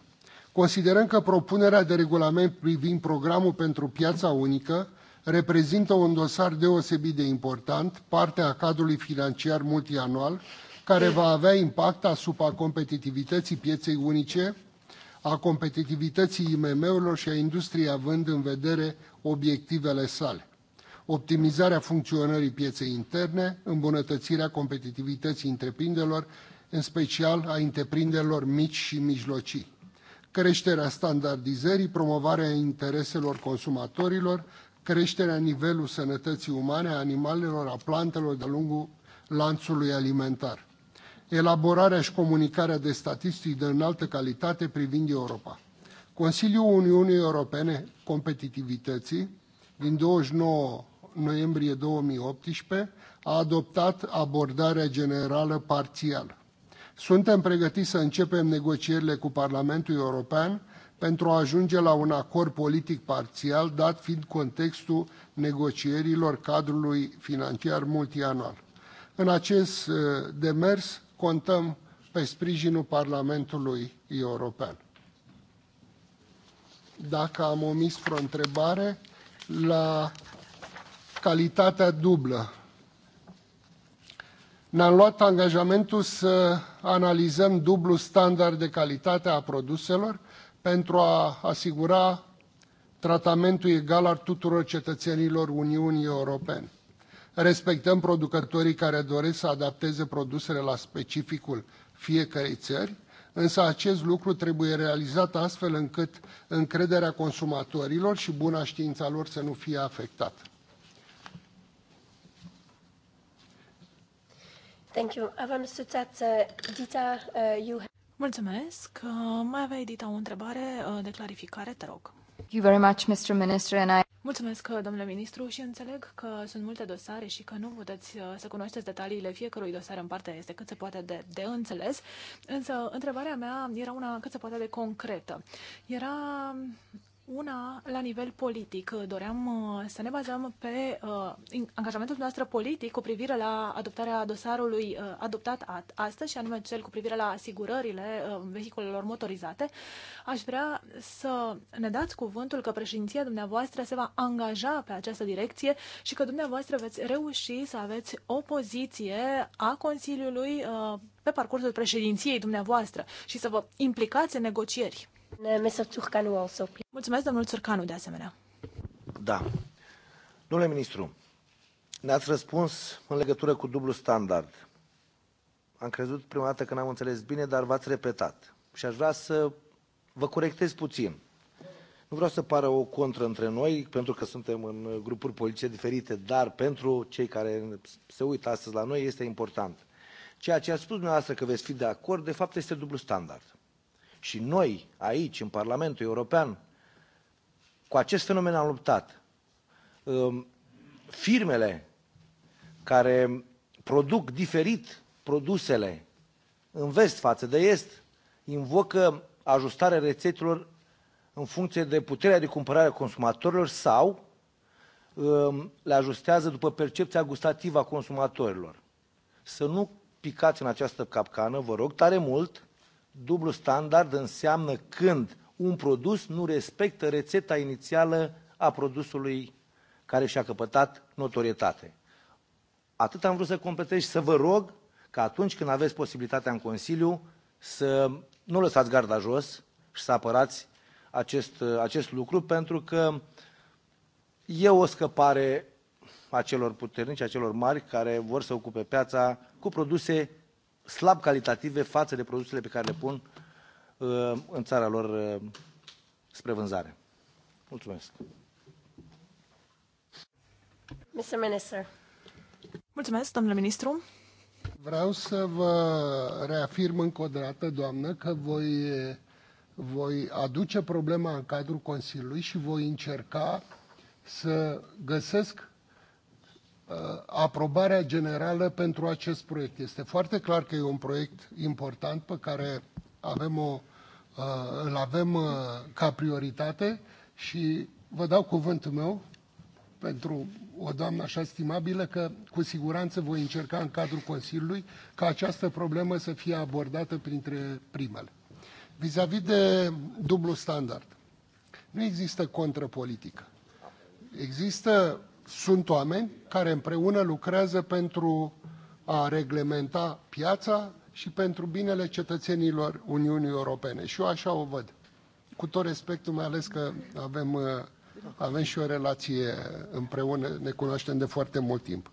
Considerăm că propunerea de regulament privind programul pentru piața unică reprezintă un dosar deosebit de important, parte a cadrului financiar multianual care va avea impact asupra competitivității pieței unice, a competitivității IMM-urilor și a industriei având în vedere obiectivele sale optimizarea funcționării pieței interne, îmbunătățirea competitivității întreprinderilor, în special a întreprinderilor mici și mijlocii, creșterea standardizării, promovarea intereselor consumatorilor, creșterea nivelului sănătății umane, a animalelor, a plantelor de-a lungul lanțului alimentar elaborarea și comunicarea de statistici de înaltă calitate privind Europa. Consiliul Uniunii Europene Competitivității din 29 noiembrie 2018 a adoptat abordarea generală parțială. Suntem pregătiți să începem negocierile cu Parlamentul European pentru a ajunge la un acord politic parțial, dat fiind contextul negocierilor cadrului financiar multianual. În acest eh, demers contăm pe sprijinul Parlamentului European. Dacă am omis vreo întrebare, la calitatea dublă. Ne-am luat angajamentul să analizăm dublu standard de calitate a produselor pentru a asigura tratamentul egal al tuturor cetățenilor Uniunii Europene respectăm producătorii care doresc să adapteze produsele la specificul fiecărei țări, însă acest lucru trebuie realizat astfel încât încrederea consumatorilor și buna știința lor să nu fie afectată. Thank you. I've understood Dita, uh, you... Mulțumesc. Uh, mai avea Edita o întrebare uh, de clarificare, te rog. Mulțumesc, domnule ministru, și înțeleg că sunt multe dosare și că nu puteți uh, să cunoașteți detaliile fiecărui dosar în parte, este cât se poate de, de înțeles, însă întrebarea mea era una cât se poate de concretă. Era una, la nivel politic, doream uh, să ne bazăm pe uh, angajamentul noastră politic cu privire la adoptarea dosarului uh, adoptat astăzi, și anume cel cu privire la asigurările vehiculelor motorizate. Aș vrea să ne dați cuvântul că președinția dumneavoastră se va angaja pe această direcție și că dumneavoastră veți reuși să aveți o poziție a Consiliului pe parcursul președinției dumneavoastră și să vă implicați în negocieri. Mulțumesc, domnul Țurcanu, de asemenea. Da. Domnule ministru, ne-ați răspuns în legătură cu dublu standard. Am crezut prima dată că n-am înțeles bine, dar v-ați repetat. Și aș vrea să vă corectez puțin. Nu vreau să pară o contră între noi, pentru că suntem în grupuri politice diferite, dar pentru cei care se uită astăzi la noi este important. Ceea ce ați spus dumneavoastră că veți fi de acord, de fapt este dublu standard. Și noi, aici, în Parlamentul European, cu acest fenomen am luptat. Firmele care produc diferit produsele în vest față de est invocă ajustarea rețetelor în funcție de puterea de cumpărare a consumatorilor sau le ajustează după percepția gustativă a consumatorilor. Să nu picați în această capcană, vă rog tare mult, Dublu standard înseamnă când un produs nu respectă rețeta inițială a produsului care și-a căpătat notorietate. Atât am vrut să completez și să vă rog că atunci când aveți posibilitatea în Consiliu să nu lăsați garda jos și să apărați acest, acest lucru, pentru că e o scăpare a celor puternici, a celor mari care vor să ocupe piața cu produse slab calitative față de produsele pe care le pun uh, în țara lor uh, spre vânzare. Mulțumesc. Mr. Minister. Mulțumesc, domnule ministru. Vreau să vă reafirm încă o dată, doamnă, că voi, voi aduce problema în cadrul Consiliului și voi încerca să găsesc Uh, aprobarea generală pentru acest proiect. Este foarte clar că e un proiect important pe care avem o, uh, îl avem uh, ca prioritate și vă dau cuvântul meu pentru o doamnă așa stimabilă că cu siguranță voi încerca în cadrul Consiliului ca această problemă să fie abordată printre primele. Vis-a-vis -vis de dublu standard, nu există contrapolitică. Există sunt oameni care împreună lucrează pentru a reglementa piața și pentru binele cetățenilor Uniunii Europene. Și eu așa o văd. Cu tot respectul, mai ales că avem, uh, avem și o relație împreună, ne cunoaștem de foarte mult timp.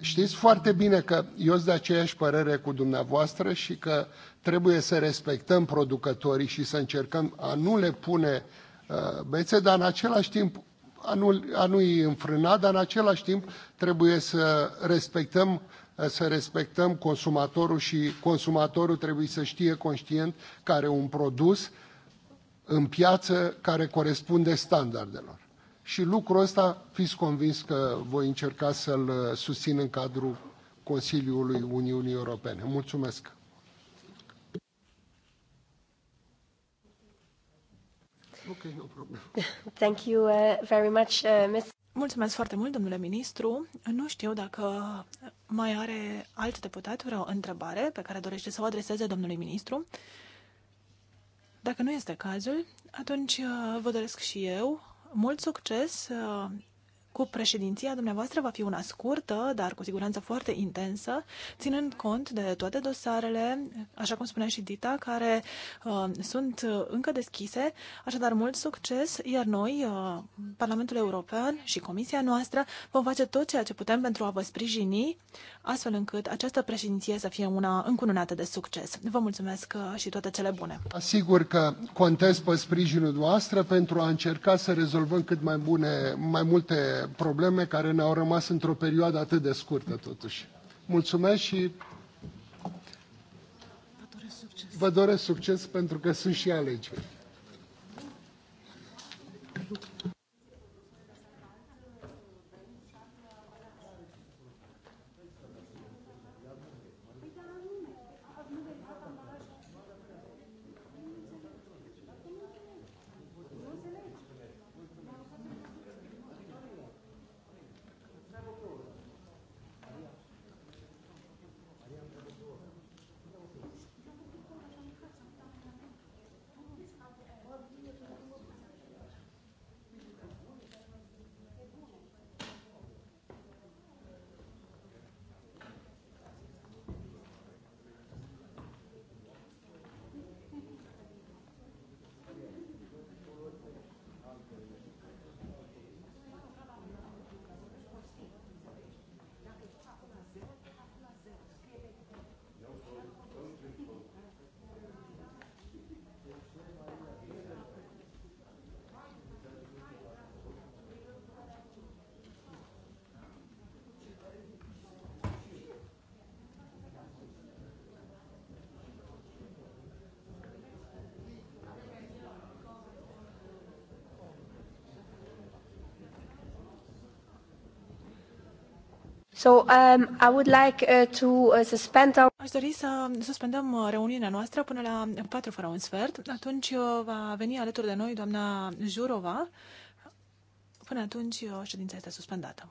Știți foarte bine că eu sunt de aceeași părere cu dumneavoastră și că trebuie să respectăm producătorii și să încercăm a nu le pune uh, bețe, dar în același timp a nu, a nu-i înfrâna, dar în același timp trebuie să respectăm să respectăm consumatorul și consumatorul trebuie să știe conștient că are un produs în piață care corespunde standardelor. Și lucrul ăsta, fiți convins că voi încerca să-l susțin în cadrul Consiliului Uniunii Europene. Mulțumesc! Thank you uh, very much, uh, Ms. Mulțumesc foarte mult, domnule ministru. Nu știu dacă mai are alt deputat vreo întrebare pe care dorește să o adreseze domnului ministru. Dacă nu este cazul, atunci uh, vă doresc și eu mult succes cu președinția dumneavoastră va fi una scurtă, dar cu siguranță foarte intensă, ținând cont de toate dosarele, așa cum spunea și Dita, care uh, sunt uh, încă deschise. Așadar, mult succes, iar noi, uh, Parlamentul European și Comisia noastră, vom face tot ceea ce putem pentru a vă sprijini, astfel încât această președinție să fie una încununată de succes. Vă mulțumesc uh, și toate cele bune. Asigur că contez pe sprijinul noastră pentru a încerca să rezolvăm cât mai, bune, mai multe probleme care ne-au rămas într-o perioadă atât de scurtă, totuși. Mulțumesc și vă doresc succes pentru că sunt și alegeri. So, um, I would like uh, to uh, suspend our... Aș dori să suspendăm uh, reuniunea noastră până la 4 fără un sfert. Atunci uh, va veni alături de noi doamna Jurova. Până atunci, uh, ședința este suspendată.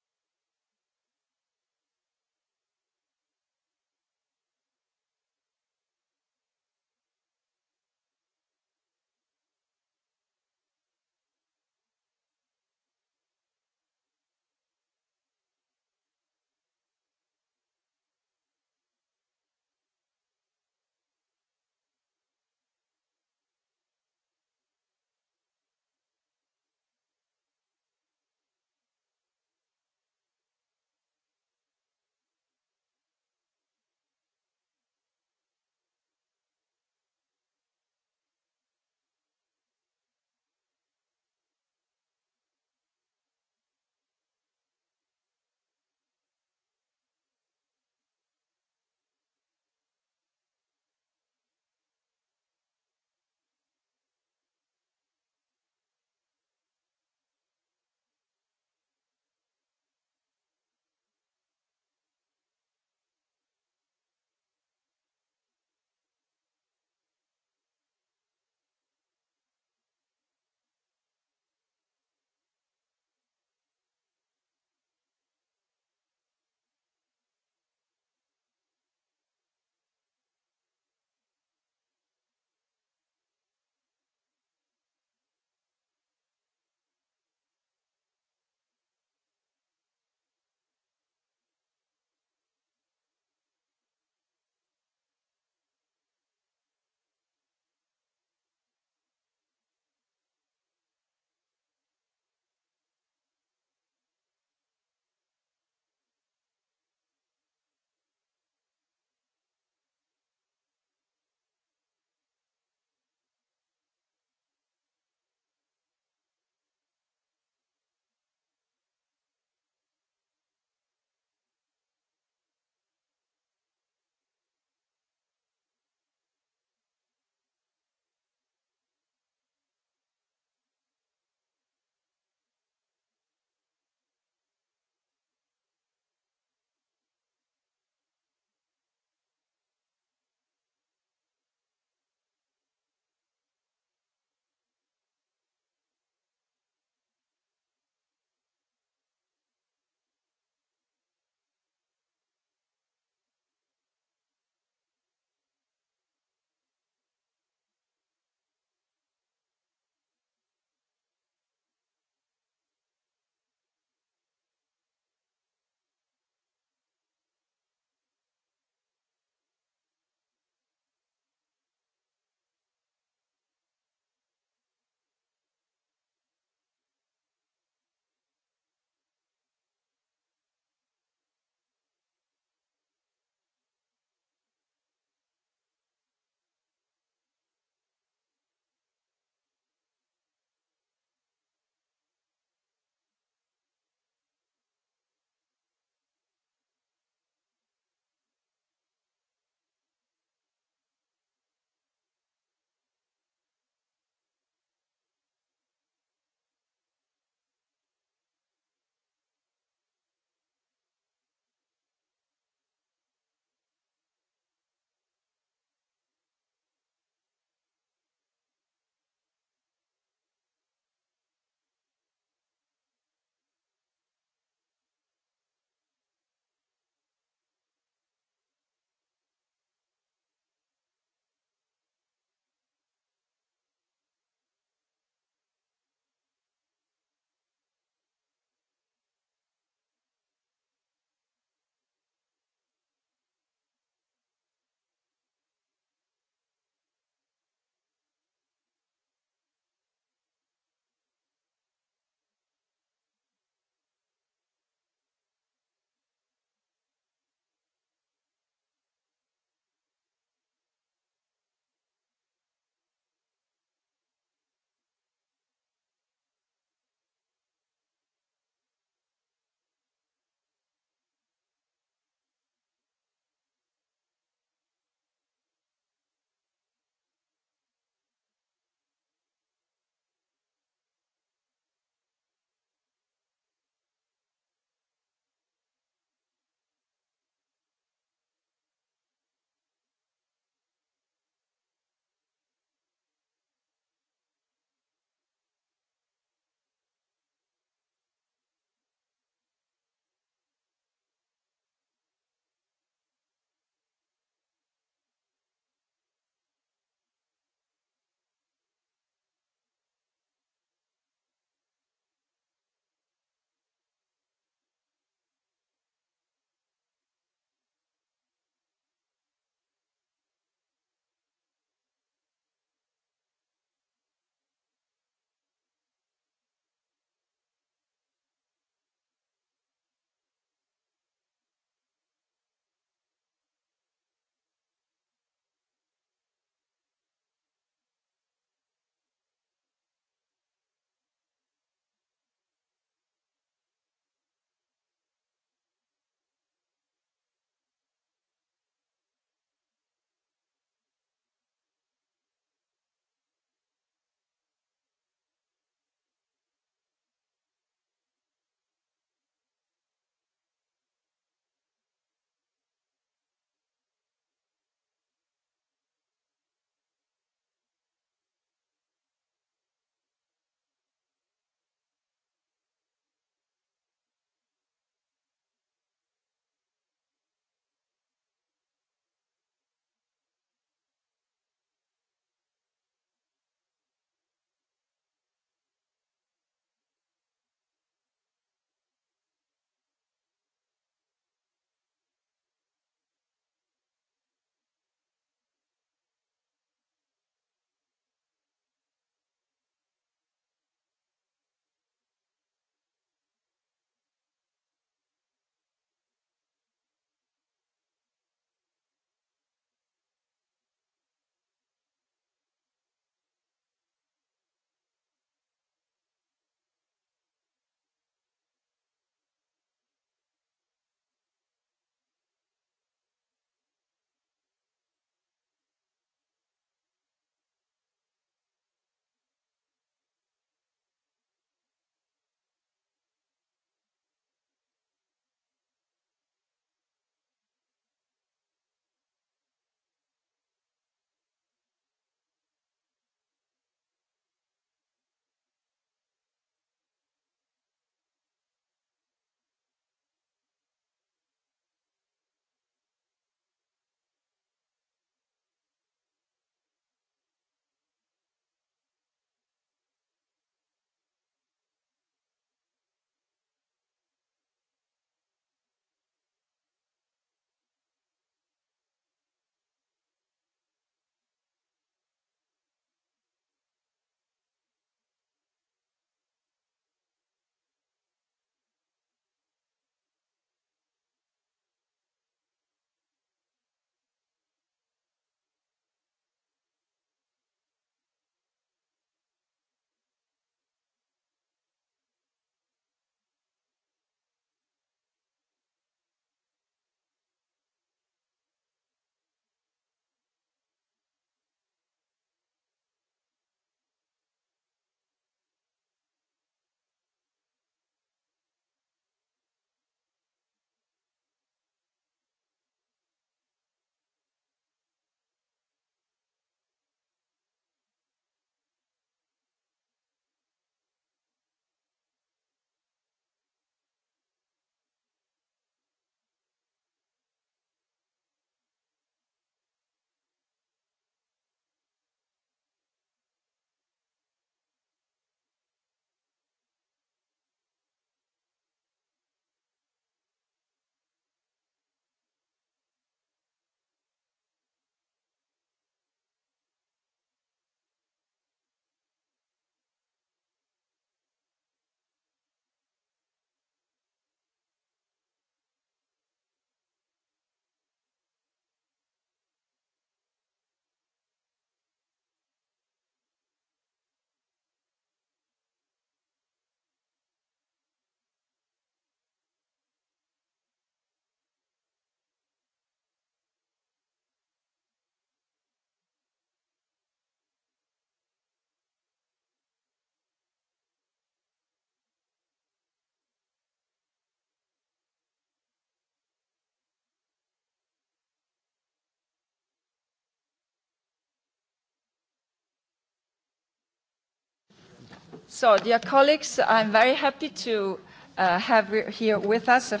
So, dear colleagues, I'm very happy to uh, have here with us a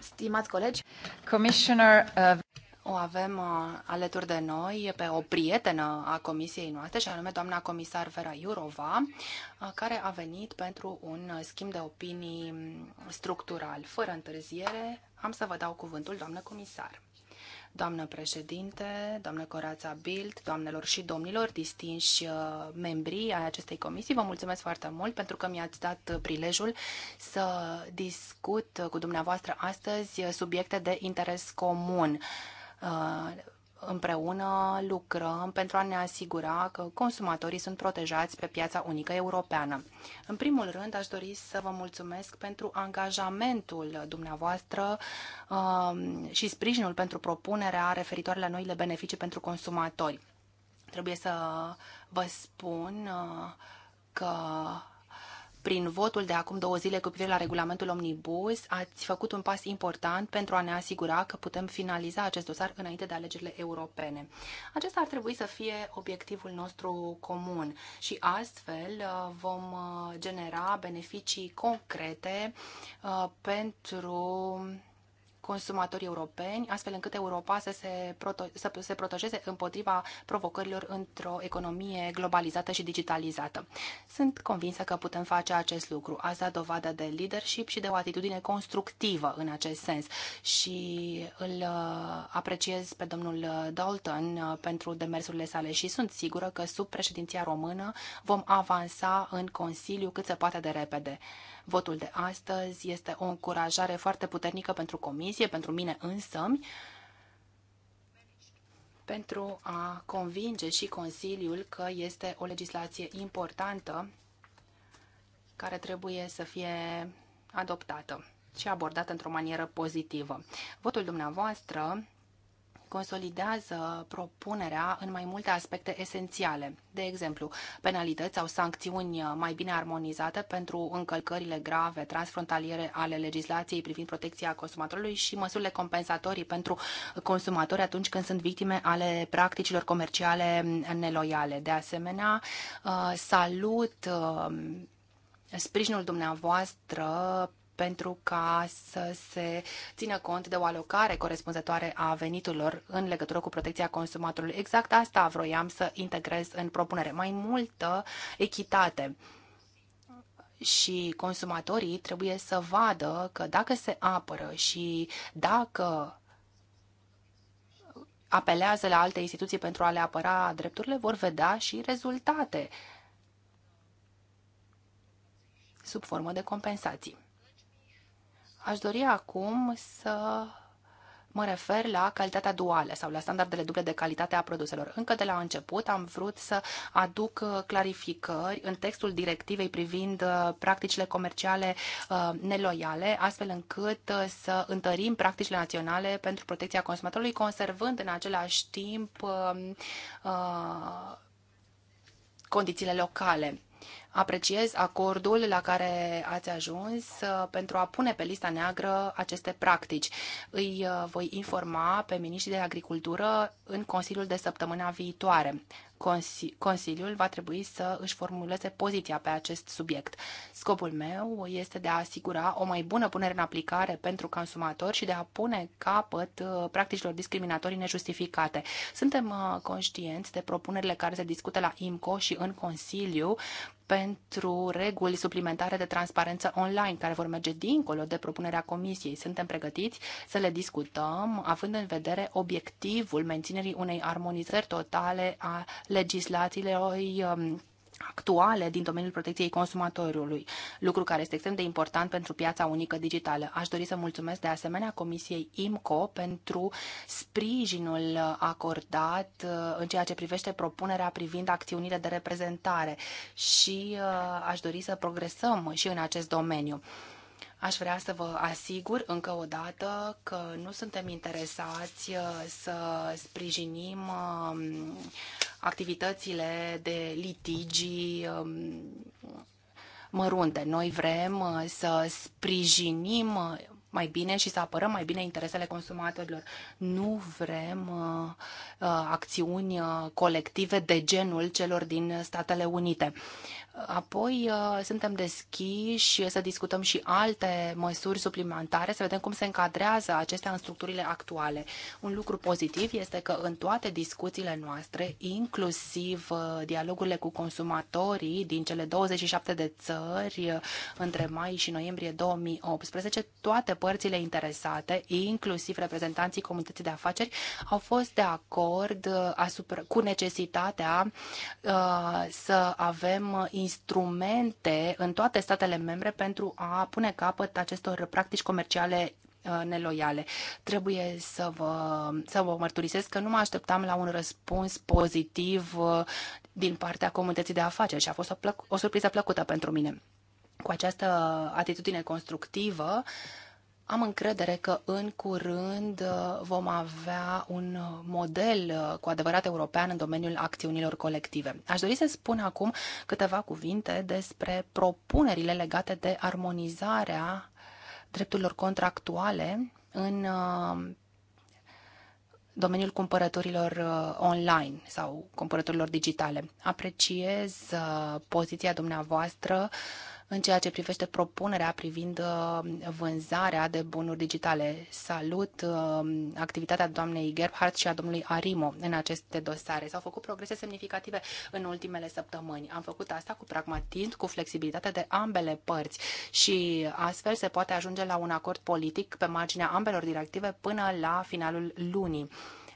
Stimați colegi, Commissioner uh, o avem uh, alături de noi pe o prietenă a comisiei noastre, și anume doamna comisar Vera Iurova, uh, care a venit pentru un schimb de opinii structural. Fără întârziere, am să vă dau cuvântul, doamnă comisar. Doamnă președinte, doamnă Corața Bild, doamnelor și domnilor, distinși uh, membrii ai acestei comisii, vă mulțumesc foarte mult pentru că mi-ați dat prilejul să discut cu dumneavoastră astăzi subiecte de interes comun uh, împreună lucrăm pentru a ne asigura că consumatorii sunt protejați pe piața unică europeană. În primul rând, aș dori să vă mulțumesc pentru angajamentul dumneavoastră um, și sprijinul pentru propunerea referitoare la noile beneficii pentru consumatori. Trebuie să vă spun uh, că prin votul de acum două zile cu privire la regulamentul Omnibus, ați făcut un pas important pentru a ne asigura că putem finaliza acest dosar înainte de alegerile europene. Acesta ar trebui să fie obiectivul nostru comun și astfel uh, vom uh, genera beneficii concrete uh, pentru consumatorii europeni, astfel încât Europa să se, proto- să se protejeze împotriva provocărilor într-o economie globalizată și digitalizată. Sunt convinsă că putem face acest lucru. dat dovadă de leadership și de o atitudine constructivă în acest sens. Și îl uh, apreciez pe domnul uh, Dalton uh, pentru demersurile sale și sunt sigură că sub președinția română vom avansa în Consiliu cât se poate de repede. Votul de astăzi este o încurajare foarte puternică pentru Comisie comisie, pentru mine însămi, pentru a convinge și Consiliul că este o legislație importantă care trebuie să fie adoptată și abordată într-o manieră pozitivă. Votul dumneavoastră consolidează propunerea în mai multe aspecte esențiale. De exemplu, penalități sau sancțiuni mai bine armonizate pentru încălcările grave transfrontaliere ale legislației privind protecția consumatorului și măsurile compensatorii pentru consumatori atunci când sunt victime ale practicilor comerciale neloiale. De asemenea, uh, salut uh, sprijinul dumneavoastră pentru ca să se țină cont de o alocare corespunzătoare a veniturilor în legătură cu protecția consumatorului. Exact asta vroiam să integrez în propunere. Mai multă echitate și consumatorii trebuie să vadă că dacă se apără și dacă apelează la alte instituții pentru a le apăra drepturile, vor vedea și rezultate sub formă de compensații. Aș dori acum să mă refer la calitatea duală sau la standardele duble de calitate a produselor. Încă de la început am vrut să aduc uh, clarificări în textul directivei privind uh, practicile comerciale uh, neloiale, astfel încât să întărim practicile naționale pentru protecția consumatorului, conservând în același timp um, condițiile locale Apreciez acordul la care ați ajuns uh, pentru a pune pe lista neagră aceste practici. Îi uh, voi informa pe miniștrii de agricultură în Consiliul de săptămâna viitoare. Consiliul va trebui să își formuleze poziția pe acest subiect. Scopul meu este de a asigura o mai bună punere în aplicare pentru consumatori și de a pune capăt uh, practicilor discriminatorii nejustificate. Suntem uh, conștienți de propunerile care se discută la IMCO și în Consiliu pentru reguli suplimentare de transparență online, care vor merge dincolo de propunerea Comisiei. Suntem pregătiți să le discutăm, având în vedere obiectivul menținerii unei armonizări totale a legislațiilor um, actuale din domeniul protecției consumatorului, lucru care este extrem de important pentru piața unică digitală. Aș dori să mulțumesc de asemenea Comisiei IMCO pentru sprijinul acordat uh, în ceea ce privește propunerea privind acțiunile de reprezentare și uh, aș dori să progresăm și în acest domeniu. Aș vrea să vă asigur încă o dată că nu suntem interesați uh, să sprijinim um, activitățile de litigi um, mărunte. Noi vrem uh, să sprijinim uh, mai bine și să apărăm mai bine interesele consumatorilor. Nu vrem acțiuni colective de genul celor din Statele Unite. Apoi uh, suntem deschiși să discutăm și alte măsuri suplimentare, să vedem cum se încadrează acestea în structurile actuale. Un lucru pozitiv este că în toate discuțiile noastre, inclusiv uh, dialogurile cu consumatorii din cele 27 de țări uh, între mai și noiembrie 2018, toate părțile interesate, inclusiv reprezentanții comunității de afaceri, au fost de acord asupra, cu necesitatea uh, să avem instrumente în toate statele membre pentru a pune capăt acestor practici comerciale uh, neloiale. Trebuie să vă, să vă mărturisesc că nu mă așteptam la un răspuns pozitiv uh, din partea comunității de afaceri și a fost o, plăc- o surpriză plăcută pentru mine. Cu această atitudine constructivă, am încredere că în curând uh, vom avea un uh, model uh, cu adevărat european în domeniul acțiunilor colective. Aș dori să spun acum câteva cuvinte despre propunerile legate de armonizarea drepturilor contractuale în domeniul cumpărătorilor online sau cumpărătorilor digitale. Apreciez poziția dumneavoastră în ceea ce privește propunerea privind uh, vânzarea de bunuri digitale. Salut uh, activitatea doamnei Gerhardt și a domnului Arimo în aceste dosare. S-au făcut progrese semnificative în ultimele săptămâni. Am făcut asta cu pragmatism, cu flexibilitate de ambele părți și astfel se poate ajunge la un acord politic pe marginea ambelor directive până la finalul lunii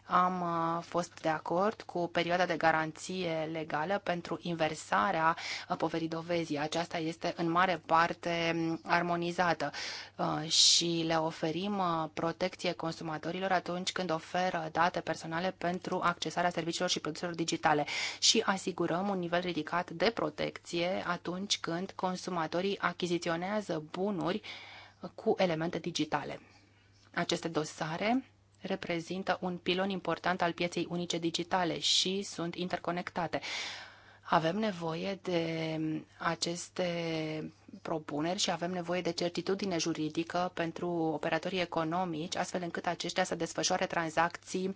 am uh, fost de acord cu perioada de garanție legală pentru inversarea uh, poverii dovezii. Aceasta este în mare parte mm, armonizată uh, și le oferim protecție consumatorilor atunci când oferă date personale pentru accesarea serviciilor și produselor digitale și asigurăm un nivel ridicat de protecție atunci când consumatorii achiziționează bunuri cu elemente digitale. Aceste dosare reprezintă un pilon important al pieței unice digitale și sunt interconectate. Avem nevoie de aceste propuneri și avem nevoie de certitudine juridică pentru operatorii economici, astfel încât aceștia să desfășoare tranzacții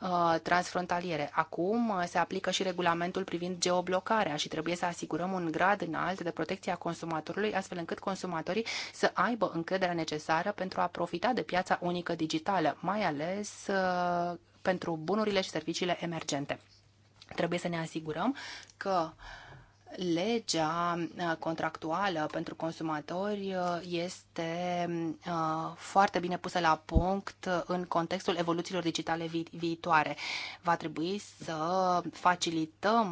uh, transfrontaliere. Acum uh, se aplică și regulamentul privind geoblocarea și trebuie să asigurăm un grad înalt de protecție a consumatorului, astfel încât consumatorii să aibă încrederea necesară pentru a profita de piața unică digitală, mai ales uh, pentru bunurile și serviciile emergente. Trebuie să ne asigurăm că uh, legea uh, contractuală pentru consumatori uh, este uh, foarte bine pusă la punct în contextul evoluțiilor digitale vi viitoare. Va trebui să facilităm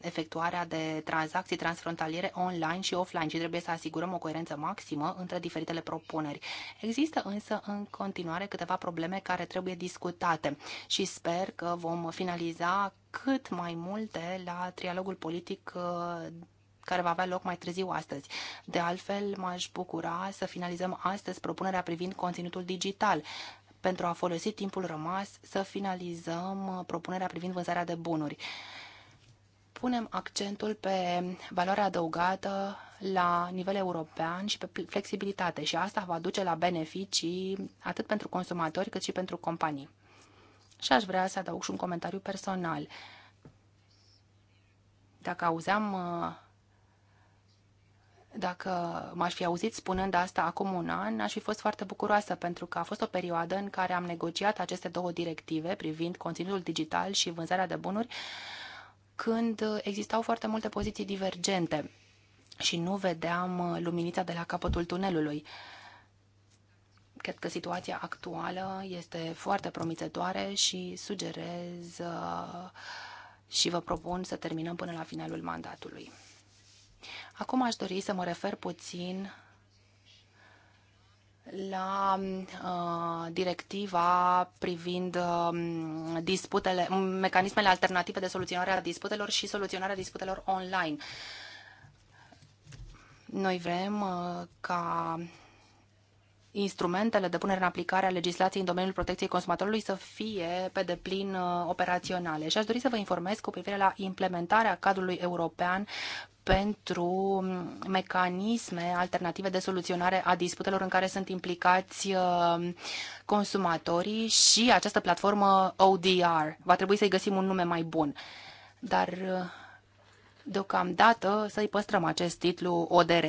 efectuarea de tranzacții transfrontaliere online și offline și trebuie să asigurăm o coerență maximă între diferitele propuneri. Există însă în continuare câteva probleme care trebuie discutate și sper că vom finaliza cât mai multe la trialogul politic uh, care va avea loc mai târziu astăzi. De altfel, m-aș bucura să finalizăm astăzi propunerea privind conținutul digital pentru a folosi timpul rămas să finalizăm uh, propunerea privind vânzarea de bunuri. Punem accentul pe valoarea adăugată la nivel european și pe flexibilitate și asta va duce la beneficii atât pentru consumatori cât și pentru companii. Și aș vrea să adaug și un comentariu personal. Dacă auzeam uh, dacă m-aș fi auzit spunând asta acum un an, aș fi fost foarte bucuroasă pentru că a fost o perioadă în care am negociat aceste două directive privind conținutul digital și vânzarea de bunuri, când existau foarte multe poziții divergente și nu vedeam uh, luminița de la capătul tunelului. Cred că situația actuală este foarte promițătoare și sugerez uh, și vă propun să terminăm până la finalul mandatului. Acum aș dori să mă refer puțin la uh, directiva privind uh, disputele, mecanismele alternative de soluționare a disputelor și soluționarea disputelor online. Noi vrem uh, ca instrumentele de punere în aplicare a legislației în domeniul protecției consumatorului să fie pe deplin uh, operaționale. Și aș dori să vă informez cu privire la implementarea cadrului european pentru um, mecanisme alternative de soluționare a disputelor în care sunt implicați uh, consumatorii și această platformă ODR. Va trebui să-i găsim un nume mai bun. Dar uh, deocamdată să-i păstrăm acest titlu ODR.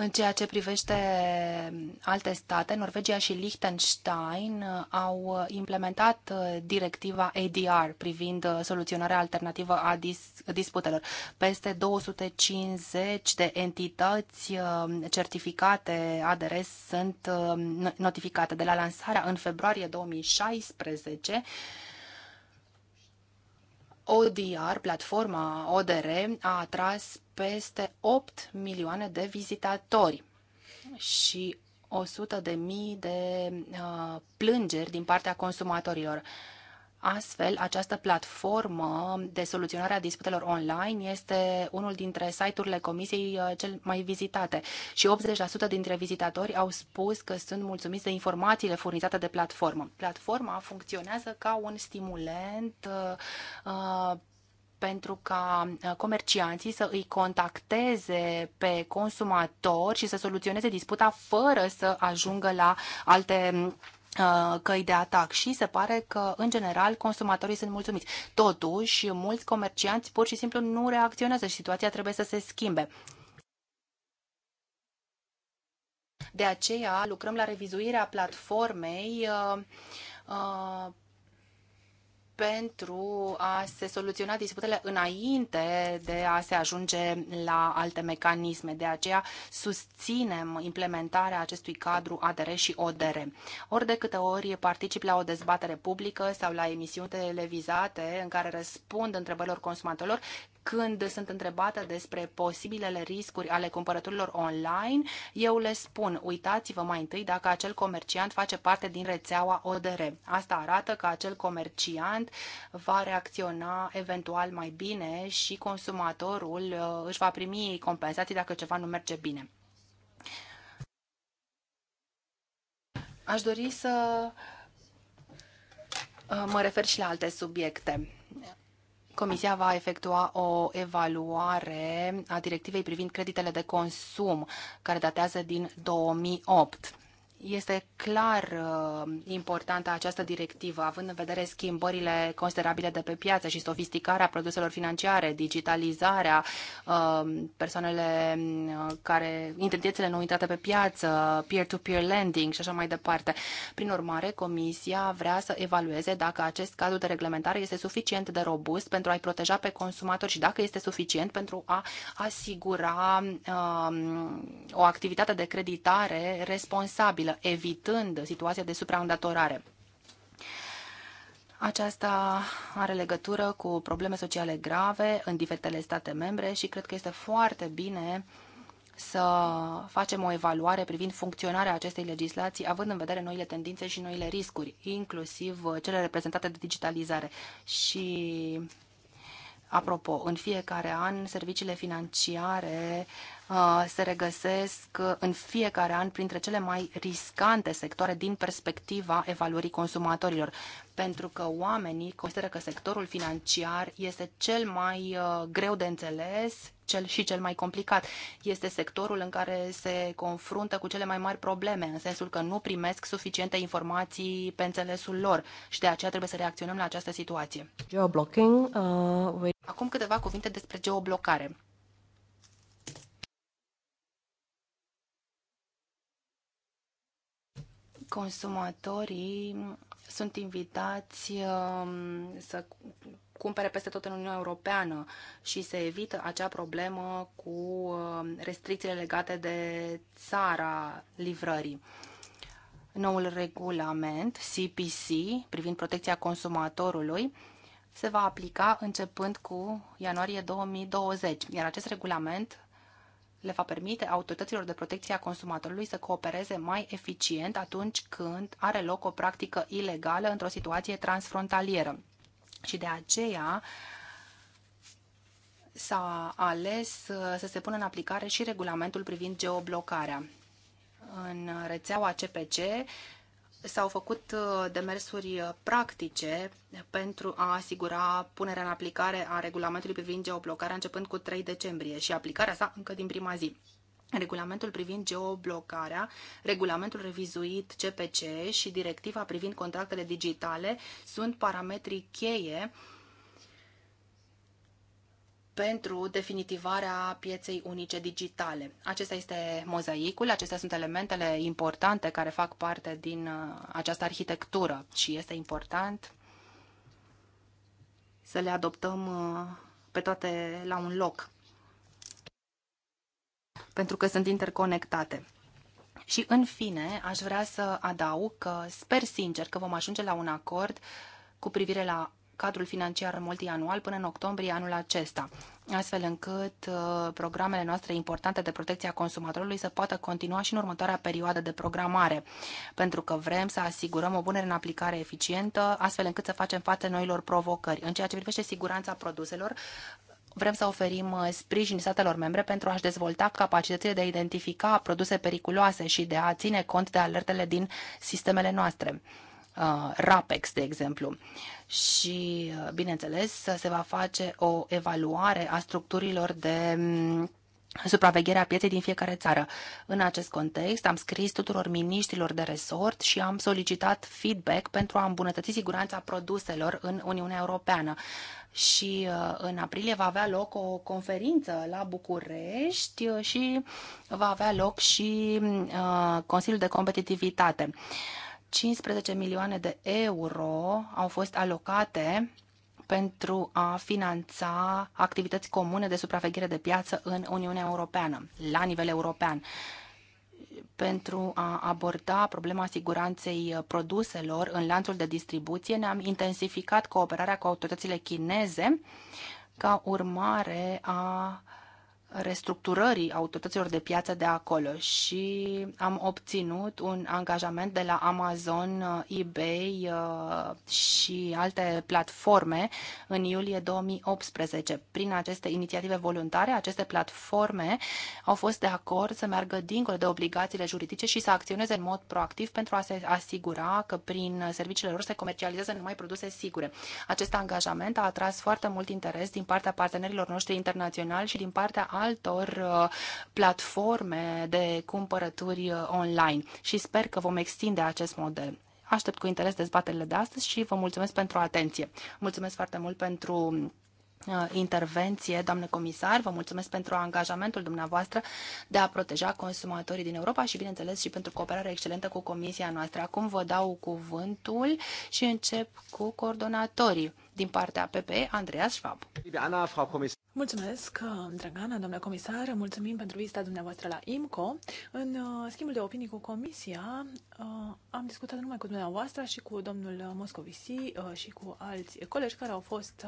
În ceea ce privește alte state, Norvegia și Liechtenstein au implementat uh, directiva ADR privind uh, soluționarea alternativă a dis- disputelor. Peste 250 de entități uh, certificate ADRS sunt notificate de la lansarea în februarie 2016 ODR, platforma ODR, a atras peste 8 milioane de vizitatori și 100 de mii de uh, plângeri din partea consumatorilor. Astfel, această platformă de soluționare a disputelor online este unul dintre site-urile comisiei uh, cel mai vizitate și 80% dintre vizitatori au spus că sunt mulțumiți de informațiile furnizate de platformă. Platforma funcționează ca un stimulent uh, uh pentru ca uh, comercianții să îi contacteze pe consumator și să soluționeze disputa fără să ajungă la alte Uh, căi de atac și se pare că, în general, consumatorii sunt mulțumiți. Totuși, mulți comercianți pur și simplu nu reacționează și situația trebuie să se schimbe. De aceea lucrăm la revizuirea platformei uh, uh, pentru a se soluționa disputele înainte de a se ajunge la alte mecanisme. De aceea susținem implementarea acestui cadru ADR și ODR. Ori de câte ori particip la o dezbatere publică sau la emisiuni televizate în care răspund întrebărilor consumatorilor, când sunt întrebată despre posibilele riscuri ale cumpărăturilor online, eu le spun, uitați-vă mai întâi dacă acel comerciant face parte din rețeaua ODR. Asta arată că acel comerciant va reacționa eventual mai bine și consumatorul uh, își va primi compensații dacă ceva nu merge bine. Aș dori să uh, mă refer și la alte subiecte Comisia va efectua o evaluare a directivei privind creditele de consum, care datează din 2008. Este clar uh, importantă această directivă, având în vedere schimbările considerabile de pe piață și sofisticarea produselor financiare, digitalizarea, uh, persoanele uh, care, intențiile nou intrate pe piață, peer-to-peer -peer lending și așa mai departe. Prin urmare, Comisia vrea să evalueze dacă acest cadru de reglementare este suficient de robust pentru a-i proteja pe consumatori și dacă este suficient pentru a asigura o activitate de creditare responsabilă durabilă, evitând situația de supraîndatorare. Aceasta are legătură cu probleme sociale grave în diferitele state membre și cred că este foarte bine să facem o evaluare privind funcționarea acestei legislații, având în vedere noile tendințe și noile riscuri, inclusiv cele reprezentate de digitalizare. Și, apropo, în fiecare an, serviciile financiare Uh, se regăsesc în fiecare an printre cele mai riscante sectoare din perspectiva evaluării consumatorilor, pentru că oamenii consideră că sectorul financiar este cel mai uh, greu de înțeles cel și cel mai complicat. Este sectorul în care se confruntă cu cele mai mari probleme, în sensul că nu primesc suficiente informații pe înțelesul lor și de aceea trebuie să reacționăm la această situație. Geoblocking, uh, Acum câteva cuvinte despre geoblocare. consumatorii sunt invitați um, să cumpere peste tot în Uniunea Europeană și se evită acea problemă cu um, restricțiile legate de țara livrării. Noul regulament CPC privind protecția consumatorului se va aplica începând cu ianuarie 2020, iar acest regulament le va permite autorităților de protecție a consumatorului să coopereze mai eficient atunci când are loc o practică ilegală într-o situație transfrontalieră. Și de aceea s-a ales să se pună în aplicare și regulamentul privind geoblocarea. În rețeaua CPC s-au făcut uh, demersuri uh, practice pentru a asigura punerea în aplicare a regulamentului privind geoblocarea începând cu 3 decembrie și aplicarea sa încă din prima zi. Regulamentul privind geoblocarea, regulamentul revizuit CPC și directiva privind contractele digitale sunt parametrii cheie uh, pentru definitivarea pieței unice digitale. Acesta este mozaicul, acestea sunt elementele importante care fac parte din uh, această arhitectură și este important să le adoptăm uh, pe toate la un loc, pentru că sunt interconectate. Și în fine, aș vrea să adaug că sper sincer că vom ajunge la un acord cu privire la cadrul financiar multianual până în octombrie anul acesta, astfel încât uh, programele noastre importante de protecție a consumatorului să poată continua și în următoarea perioadă de programare, pentru că vrem să asigurăm o bună în aplicare eficientă, astfel încât să facem față noilor provocări. În ceea ce privește siguranța produselor, vrem să oferim uh, sprijin statelor membre pentru a-și dezvolta capacitățile de a identifica produse periculoase și de a ține cont de alertele din sistemele noastre. Uh, RAPEX, de exemplu. Și, uh, bineînțeles, se va face o evaluare a structurilor de mm, supravegherea pieței din fiecare țară. În acest context, am scris tuturor miniștrilor de resort și am solicitat feedback pentru a îmbunătăți siguranța produselor în Uniunea Europeană. Și uh, în aprilie va avea loc o conferință la București și va avea loc și mm, Consiliul de Competitivitate. 15 milioane de euro au fost alocate pentru a finanța activități comune de supraveghere de piață în Uniunea Europeană, la nivel european, pentru a aborda problema siguranței produselor în lanțul de distribuție, ne-am intensificat cooperarea cu autoritățile chineze ca urmare a restructurării autorităților de piață de acolo și am obținut un angajament de la Amazon, uh, eBay uh, și alte platforme în iulie 2018. Prin aceste inițiative voluntare, aceste platforme au fost de acord să meargă dincolo de obligațiile juridice și să acționeze în mod proactiv pentru a se asigura că prin serviciile lor se comercializează numai produse sigure. Acest angajament a atras foarte mult interes din partea partenerilor noștri internaționali și din partea altor uh, platforme de cumpărături uh, online și sper că vom extinde acest model. Aștept cu interes dezbaterile de astăzi și vă mulțumesc pentru atenție. Mulțumesc foarte mult pentru uh, intervenție, doamnă comisar. Vă mulțumesc pentru angajamentul dumneavoastră de a proteja consumatorii din Europa și, bineînțeles, și pentru cooperarea excelentă cu comisia noastră. Acum vă dau cuvântul și încep cu coordonatorii. Din partea PP, Andreas Schwab. Mulțumesc, dragă Ana, domnule comisar, mulțumim pentru vizita dumneavoastră la IMCO. În uh, schimbul de opinii cu comisia, uh, am discutat numai cu dumneavoastră și cu domnul Moscovici uh, și cu alți colegi care au fost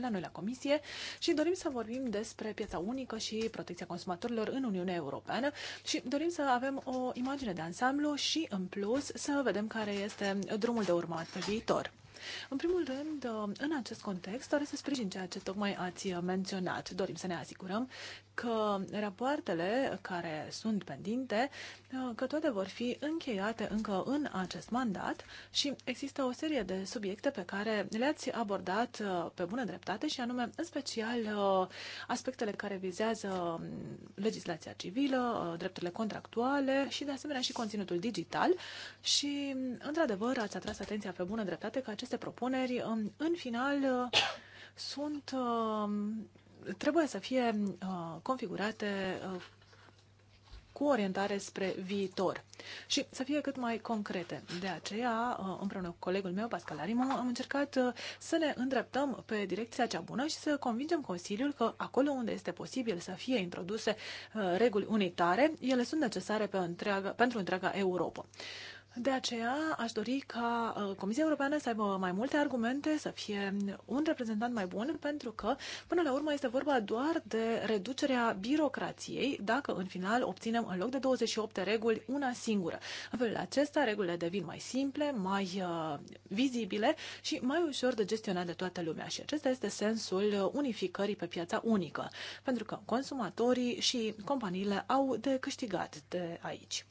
la noi la comisie și dorim să vorbim despre piața unică și protecția consumatorilor în Uniunea Europeană și dorim să avem o imagine de ansamblu și, în plus, să vedem care este drumul de urmat pe viitor. În primul rând, uh, în acest context, doresc să sprijin ceea ce tocmai ați uh, menționat. Dorim să ne asigurăm că rapoartele care sunt pendinte, uh, că toate vor fi încheiate încă în acest mandat și există o serie de subiecte pe care le-ați abordat uh, pe bună dreptate și anume în special uh, aspectele care vizează mm, legislația civilă, drepturile contractuale și de asemenea și conținutul digital și mm, într-adevăr ați atras atenția pe bună dreptate că aceste propuneri mm, în final sunt trebuie să fie uh, configurate uh, cu orientare spre viitor și să fie cât mai concrete. De aceea, uh, împreună cu colegul meu, Pascal Arimo, am încercat să ne îndreptăm pe direcția cea bună și să convingem Consiliul că acolo unde este posibil să fie introduse reguli unitare, ele sunt necesare pe întreaga, pentru întreaga Europa. De aceea aș dori ca uh, Comisia Europeană să aibă mai multe argumente, să fie un reprezentant mai bun, pentru că până la urmă este vorba doar de reducerea birocrației, dacă în final obținem în loc de 28 reguli una singură. În felul acesta regulile devin mai simple, mai uh, vizibile și mai ușor de gestionat de toată lumea și acesta este sensul unificării pe piața unică, pentru că consumatorii și companiile au de câștigat de aici.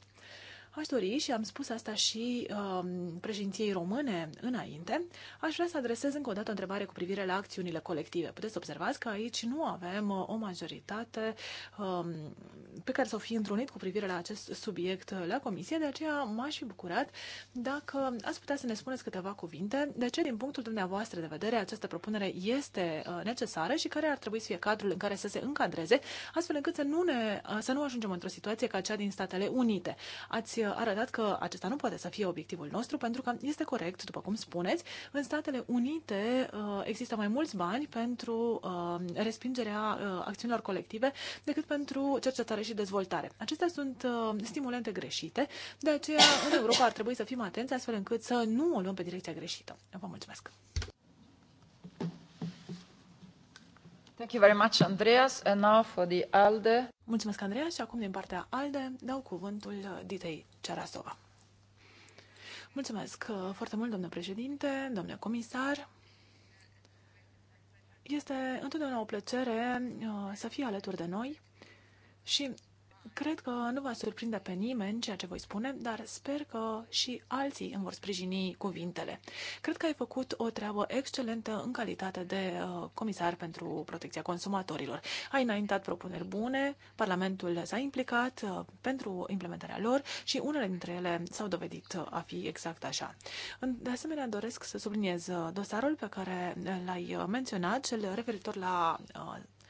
Aș dori, și am spus asta și uh, președinției române înainte, aș vrea să adresez încă o dată o întrebare cu privire la acțiunile colective. Puteți observați că aici nu avem uh, o majoritate uh, pe care să o fi întrunit cu privire la acest subiect uh, la comisie, de aceea m-aș fi bucurat dacă ați putea să ne spuneți câteva cuvinte de ce, din punctul dumneavoastră de vedere, această propunere este uh, necesară și care ar trebui să fie cadrul în care să se încadreze, astfel încât să nu, ne, să nu ajungem într-o situație ca cea din Statele Unite. Ați arătat că acesta nu poate să fie obiectivul nostru, pentru că este corect, după cum spuneți, în Statele Unite uh, există mai mulți bani pentru uh, respingerea uh, acțiunilor colective decât pentru cercetare și dezvoltare. Acestea sunt stimulente greșite, de aceea în Europa ar trebui să fim atenți astfel încât să nu o luăm pe direcția greșită. Vă mulțumesc! Thank you very much, Andreas. And now for the ALDE. Mulțumesc, Andreas. Și acum, din partea ALDE, dau cuvântul Ditei Cerasova. Mulțumesc uh, foarte mult, domnule președinte, domnule comisar. Este întotdeauna o plăcere uh, să fie alături de noi și Cred că nu va surprinde pe nimeni ceea ce voi spune, dar sper că și alții îmi vor sprijini cuvintele. Cred că ai făcut o treabă excelentă în calitate de uh, comisar pentru protecția consumatorilor. Ai înaintat propuneri bune, Parlamentul s-a implicat uh, pentru implementarea lor și unele dintre ele s-au dovedit uh, a fi exact așa. De asemenea, doresc să subliniez dosarul pe care l-ai menționat, cel referitor la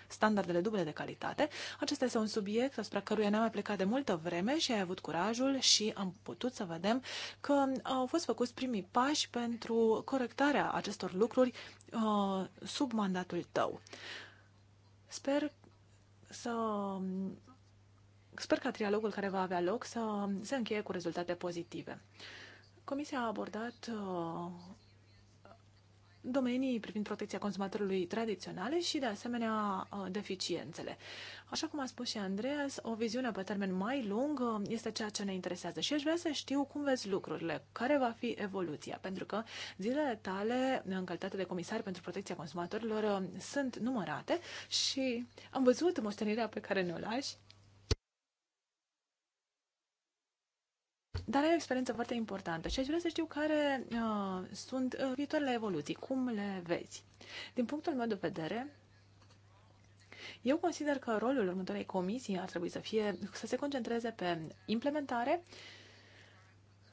standardele duble de calitate. Acesta este un subiect asupra căruia ne-am plecat de multă vreme și ai avut curajul și am putut să vedem că au fost făcuți primii pași pentru corectarea acestor lucruri uh, sub mandatul tău. Sper să Sper ca trialogul care va avea loc să se încheie cu rezultate pozitive. Comisia a abordat uh, domenii privind protecția consumatorului tradiționale și, de asemenea, uh, deficiențele. Așa cum a spus și Andreas, o viziune pe termen mai lung uh, este ceea ce ne interesează și aș vrea să știu cum vezi lucrurile, care va fi evoluția, pentru că zilele tale, în calitate de comisar pentru protecția consumatorilor, uh, sunt numărate și am văzut moștenirea pe care ne-o lași Dar ai o experiență foarte importantă și aș vrea să știu care uh, sunt uh, viitoarele evoluții, cum le vezi. Din punctul meu de vedere, eu consider că rolul următoarei comisii ar trebui să fie să se concentreze pe implementare,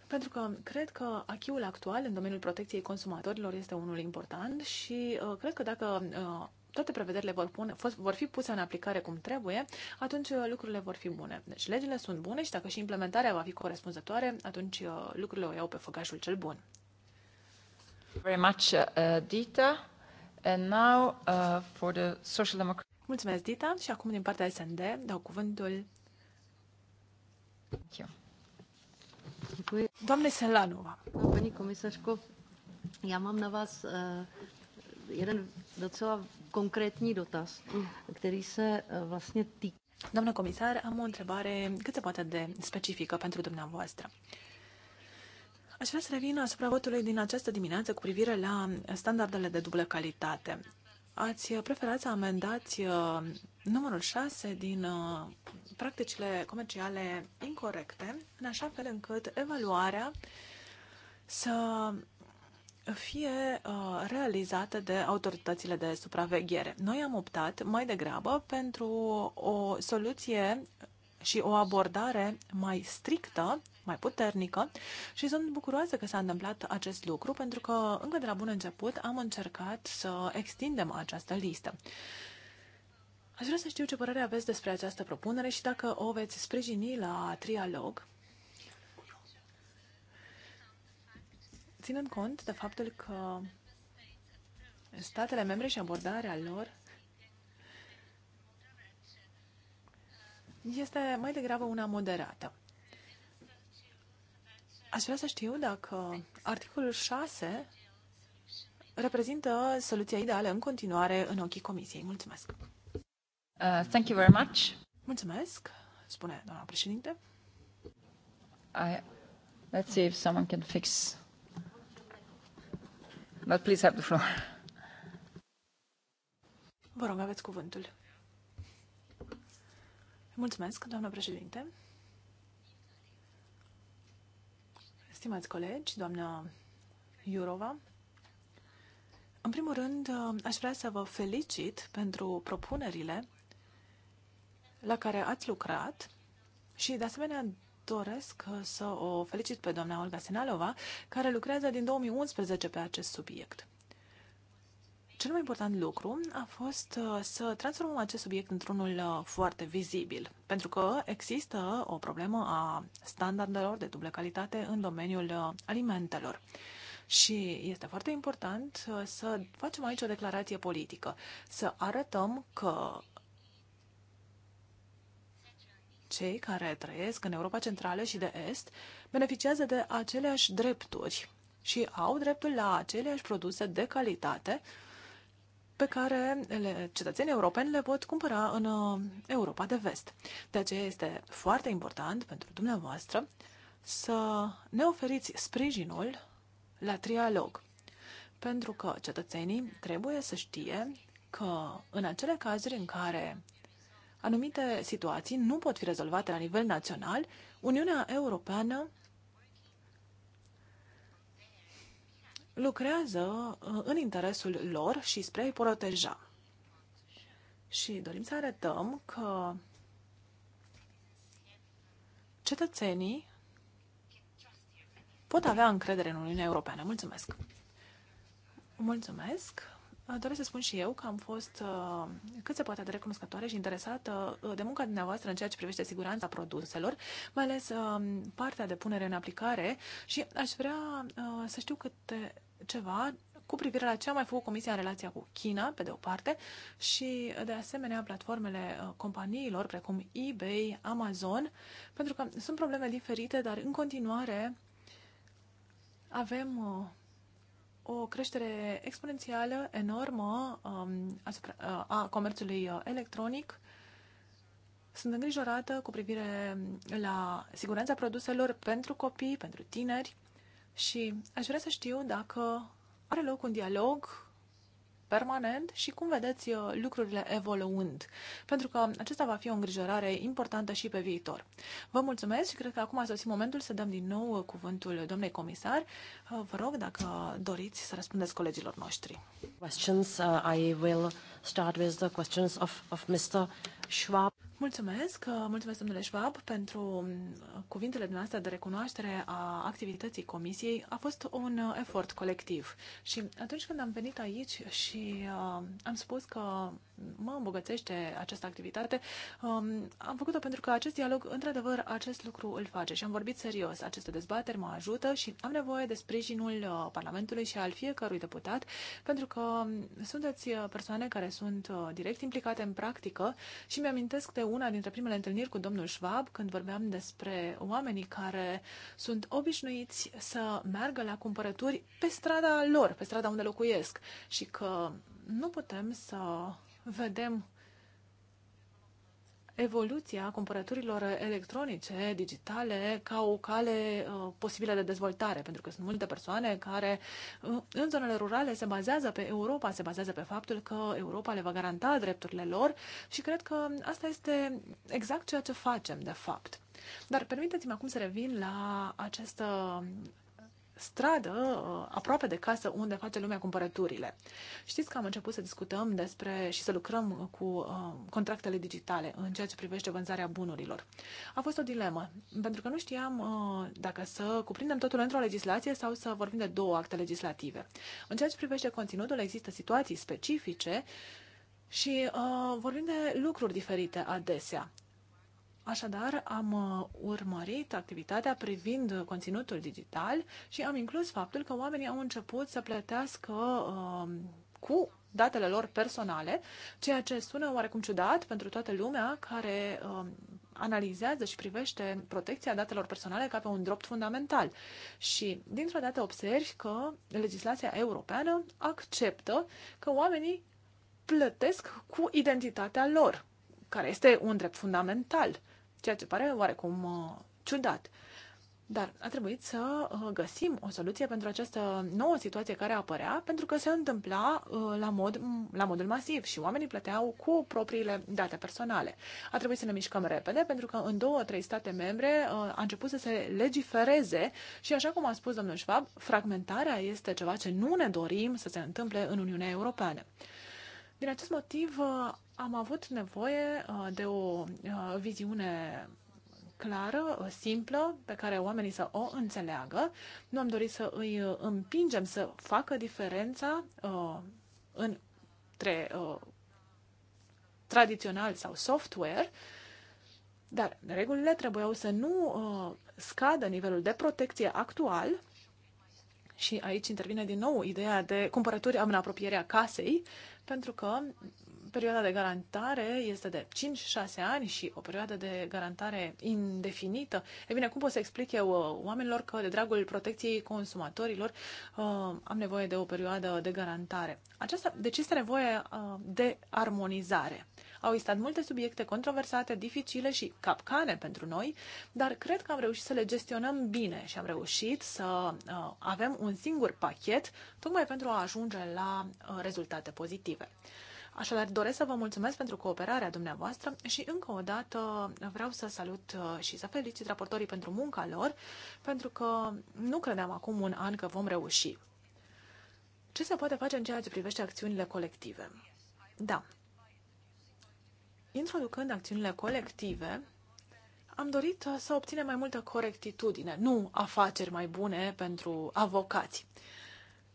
pentru că cred că achiul actual în domeniul protecției consumatorilor este unul important și uh, cred că dacă uh, toate prevederile vor, pune, vor fi puse în aplicare cum trebuie, atunci uh, lucrurile vor fi bune. Deci legile sunt bune și dacă și implementarea va fi corespunzătoare, atunci uh, lucrurile o iau pe făgașul cel bun. Very much, uh, Dita. And now uh, for the Social Democrat. Mulțumesc, Dita. Și acum, din partea SND, dau cuvântul. Thank you. Doamne Selanova. Paní komisařko, já mám na uh, jeden docela konkrétní dotaz, který se eh, vlastně týká. Doamnă comisar, am o întrebare cât se poate de specifică pentru dumneavoastră. Aș vrea să revin asupra votului din această dimineață cu privire la standardele de dublă calitate. Ați preferat să amendați eh, numărul 6 din eh, practicile comerciale incorrecte, în așa fel încât evaluarea să fie uh, realizate de autoritățile de supraveghere. Noi am optat mai degrabă pentru o soluție și o abordare mai strictă, mai puternică și sunt bucuroasă că s-a întâmplat acest lucru pentru că încă de la bun început am încercat să extindem această listă. Aș vrea să știu ce părere aveți despre această propunere și dacă o veți sprijini la trialog ținând cont de faptul că statele membre și abordarea lor este mai degrabă una moderată. Aș vrea să știu dacă articolul 6 reprezintă soluția ideală în continuare în ochii Comisiei. Mulțumesc! Uh, thank you very much. Mulțumesc, spune doamna președinte. I... Let's see if someone can fix But please have the floor. Vă rog, aveți cuvântul. Mulțumesc, doamnă președinte. Stimați colegi, doamna Iurova, în primul rând, aș vrea să vă felicit pentru propunerile la care ați lucrat și, de asemenea, doresc uh, să o felicit pe doamna Olga Sinalova, care lucrează din 2011 pe acest subiect. Cel mai important lucru a fost uh, să transformăm acest subiect într-unul uh, foarte vizibil, pentru că există o problemă a standardelor de dublă calitate în domeniul alimentelor. Și este foarte important să facem aici o declarație politică, să arătăm că cei care trăiesc în Europa Centrală și de Est beneficiază de aceleași drepturi și au dreptul la aceleași produse de calitate pe care le, cetățenii europeni le pot cumpăra în uh, Europa de Vest. De aceea este foarte important pentru dumneavoastră să ne oferiți sprijinul la trialog, pentru că cetățenii trebuie să știe că în acele cazuri în care anumite situații nu pot fi rezolvate la nivel național, Uniunea Europeană lucrează uh, în interesul lor și spre a-i proteja. Și dorim să arătăm că cetățenii pot avea încredere în Uniunea Europeană. Mulțumesc! Mulțumesc! Doresc să spun și eu că am fost uh, cât se poate de recunoscătoare și interesată uh, de munca dumneavoastră în ceea ce privește siguranța produselor, mai ales um, partea de punere în aplicare și aș vrea uh, să știu câte ceva cu privire la ce a mai făcut Comisia în relația cu China, pe de o parte, și, de asemenea, platformele companiilor precum eBay, Amazon, pentru că sunt probleme diferite, dar, în continuare, avem o creștere exponențială enormă um, asupra, uh, a comerțului uh, electronic. Sunt îngrijorată cu privire la siguranța produselor pentru copii, pentru tineri și aș vrea să știu dacă are loc un dialog permanent și cum vedeți uh, lucrurile evoluând, pentru că acesta va fi o îngrijorare importantă și pe viitor. Vă mulțumesc și cred că acum a sosit momentul să dăm din nou uh, cuvântul domnului comisar. Uh, vă rog, dacă doriți, să răspundeți colegilor noștri. Questions, uh, I will start with the questions of, of Mr. Schwab. Mulțumesc, uh, mulțumesc domnule Schwab pentru uh, cuvintele dumneavoastră de recunoaștere a activității comisiei. A fost un uh, efort colectiv și atunci când am venit aici și uh, am spus că mă îmbogățește această activitate, um, am făcut-o pentru că acest dialog, într-adevăr, acest lucru îl face și am vorbit serios. Aceste dezbateri mă ajută și am nevoie de sprijinul Parlamentului și al fiecărui deputat pentru că sunteți persoane care sunt direct implicate în practică și mi-amintesc de una dintre primele întâlniri cu domnul Schwab, când vorbeam despre oamenii care sunt obișnuiți să meargă la cumpărături pe strada lor, pe strada unde locuiesc și că nu putem să vedem evoluția cumpărăturilor electronice, digitale, ca o cale uh, posibilă de dezvoltare, pentru că sunt multe persoane care uh, în zonele rurale se bazează pe Europa, se bazează pe faptul că Europa le va garanta drepturile lor și cred că asta este exact ceea ce facem, de fapt. Dar permiteți-mi acum să revin la această stradă, uh, aproape de casă, unde face lumea cumpărăturile. Știți că am început să discutăm despre și să lucrăm cu uh, contractele digitale în ceea ce privește vânzarea bunurilor. A fost o dilemă, pentru că nu știam uh, dacă să cuprindem totul într-o legislație sau să vorbim de două acte legislative. În ceea ce privește conținutul, există situații specifice și uh, vorbim de lucruri diferite adesea. Așadar, am uh, urmărit activitatea privind conținutul digital și am inclus faptul că oamenii au început să plătească uh, cu datele lor personale, ceea ce sună oarecum ciudat pentru toată lumea care uh, analizează și privește protecția datelor personale ca pe un drept fundamental. Și dintr-o dată observi că legislația europeană acceptă că oamenii plătesc cu identitatea lor, care este un drept fundamental ceea ce pare oarecum uh, ciudat. Dar a trebuit să uh, găsim o soluție pentru această nouă situație care apărea, pentru că se întâmpla uh, la, mod, la modul masiv și oamenii plăteau cu propriile date personale. A trebuit să ne mișcăm repede, pentru că în două, trei state membre a început să se legifereze și, așa cum a spus domnul Schwab, fragmentarea este ceva ce nu ne dorim să se întâmple în Uniunea Europeană. Din acest motiv am avut nevoie uh, de o uh, viziune clară, uh, simplă, pe care oamenii să o înțeleagă. Nu am dorit să îi împingem să facă diferența uh, între uh, tradițional sau software, dar regulile trebuiau să nu uh, scadă nivelul de protecție actual și aici intervine din nou ideea de cumpărături în apropierea casei, pentru că perioada de garantare este de 5-6 ani și o perioadă de garantare indefinită, e bine, cum pot să explic eu uh, oamenilor că de dragul protecției consumatorilor uh, am nevoie de o perioadă de garantare? Aceasta, deci este nevoie uh, de armonizare. Au existat multe subiecte controversate, dificile și capcane pentru noi, dar cred că am reușit să le gestionăm bine și am reușit să avem un singur pachet tocmai pentru a ajunge la rezultate pozitive. Așadar, doresc să vă mulțumesc pentru cooperarea dumneavoastră și încă o dată vreau să salut uh, și să felicit raportorii pentru munca lor, pentru că nu credeam acum un an că vom reuși. Ce se poate face în ceea ce privește acțiunile colective? Da. Introducând acțiunile colective, am dorit să obținem mai multă corectitudine, nu afaceri mai bune pentru avocați.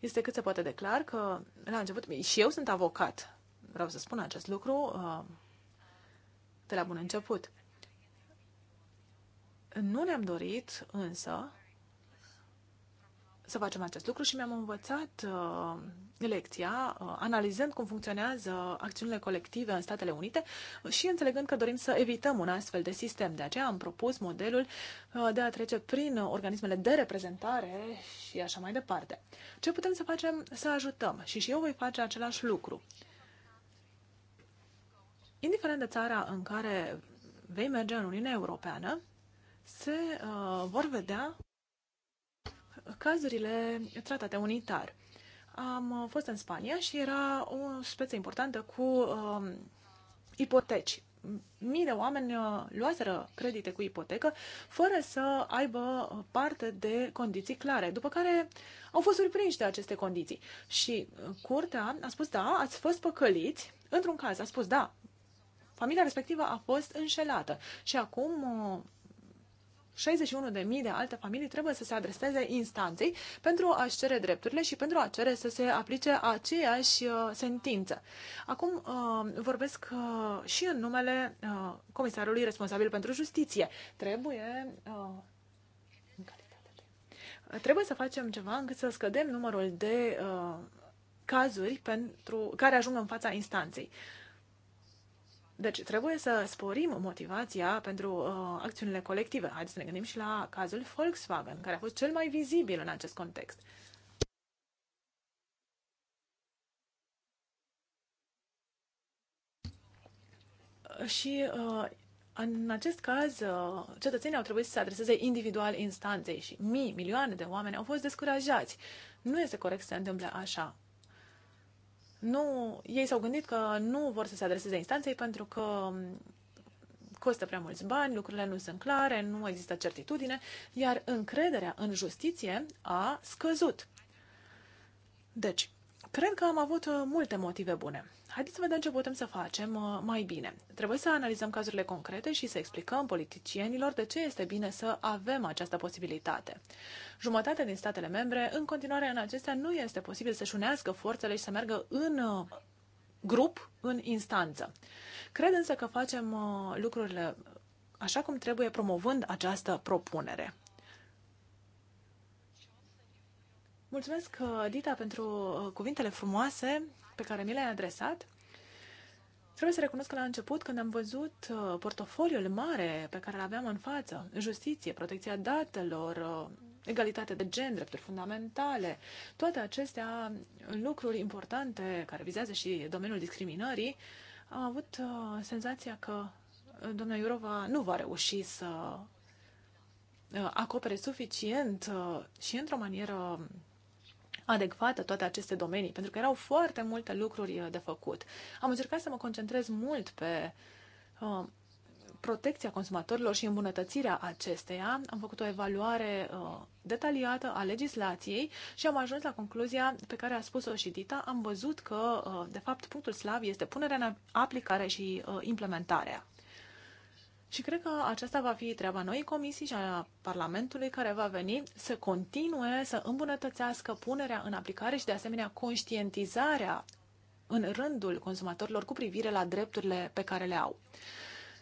Este cât se poate declar că, la început, și eu sunt avocat, Vreau să spun acest lucru uh, de la bun început. Nu ne-am dorit, însă, să facem acest lucru și mi-am învățat uh, lecția uh, analizând cum funcționează acțiunile colective în Statele Unite și înțelegând că dorim să evităm un astfel de sistem. De aceea am propus modelul de a trece prin organismele de reprezentare și așa mai departe. Ce putem să facem? Să ajutăm. Și și eu voi face același lucru indiferent de țara în care vei merge în Uniunea Europeană, se uh, vor vedea cazurile tratate unitar. Am uh, fost în Spania și era o speță importantă cu uh, ipoteci. Mii de oameni uh, luaseră credite cu ipotecă fără să aibă parte de condiții clare, după care au fost surprinși de aceste condiții. Și uh, curtea a spus, da, ați fost păcăliți, Într-un caz a spus, da, familia respectivă a fost înșelată și acum 61.000 uh, de alte familii trebuie să se adreseze instanței pentru a-și cere drepturile și pentru a cere să se aplice aceeași uh, sentință. Acum uh, vorbesc și în numele comisarului responsabil pentru justiție. Trebuie trebuie să facem ceva încât să scădem numărul de uh, cazuri pentru, care ajung în fața instanței. Uh, deci trebuie să sporim motivația pentru uh, acțiunile colective. Haideți să ne gândim și la cazul Volkswagen, care a fost cel mai vizibil în acest context. Și uh, în acest caz, uh, cetățenii au trebuit să se adreseze individual instanței și mii, milioane de oameni au fost descurajați. Nu este corect să se întâmple așa nu, ei s-au gândit că nu vor să se adreseze instanței pentru că costă prea mulți bani, lucrurile nu sunt clare, nu există certitudine, iar încrederea în justiție a scăzut. Deci, Cred că am avut uh, multe motive bune. Haideți să vedem ce putem să facem uh, mai bine. Trebuie să analizăm cazurile concrete și să explicăm politicienilor de ce este bine să avem această posibilitate. Jumătate din statele membre, în continuare, în acestea nu este posibil să-și unească forțele și să meargă în uh, grup, în instanță. Cred însă că facem lucrurile așa cum trebuie promovând această propunere. Mulțumesc, uh, Dita, pentru uh, cuvintele frumoase pe care mi le-ai adresat. Trebuie să recunosc că la început, când am văzut uh, portofoliul mare pe care îl aveam în față, justiție, protecția datelor, egalitate de gen, drepturi fundamentale, toate acestea lucruri importante care vizează și domeniul discriminării, am avut senzația că doamna Iurova nu va reuși să acopere suficient și într-o manieră adecvată toate aceste domenii, pentru că erau foarte multe lucruri uh, de făcut. Am încercat să mă concentrez mult pe uh, protecția consumatorilor și îmbunătățirea acesteia. Am făcut o evaluare uh, detaliată a legislației și am ajuns la concluzia pe care a spus-o și Dita. Am văzut că, uh, de fapt, punctul slab este punerea în aplicare și uh, implementarea și cred că aceasta va fi treaba noii comisii și a Parlamentului care va veni să continue să îmbunătățească punerea în aplicare și de asemenea conștientizarea în rândul consumatorilor cu privire la drepturile pe care le au.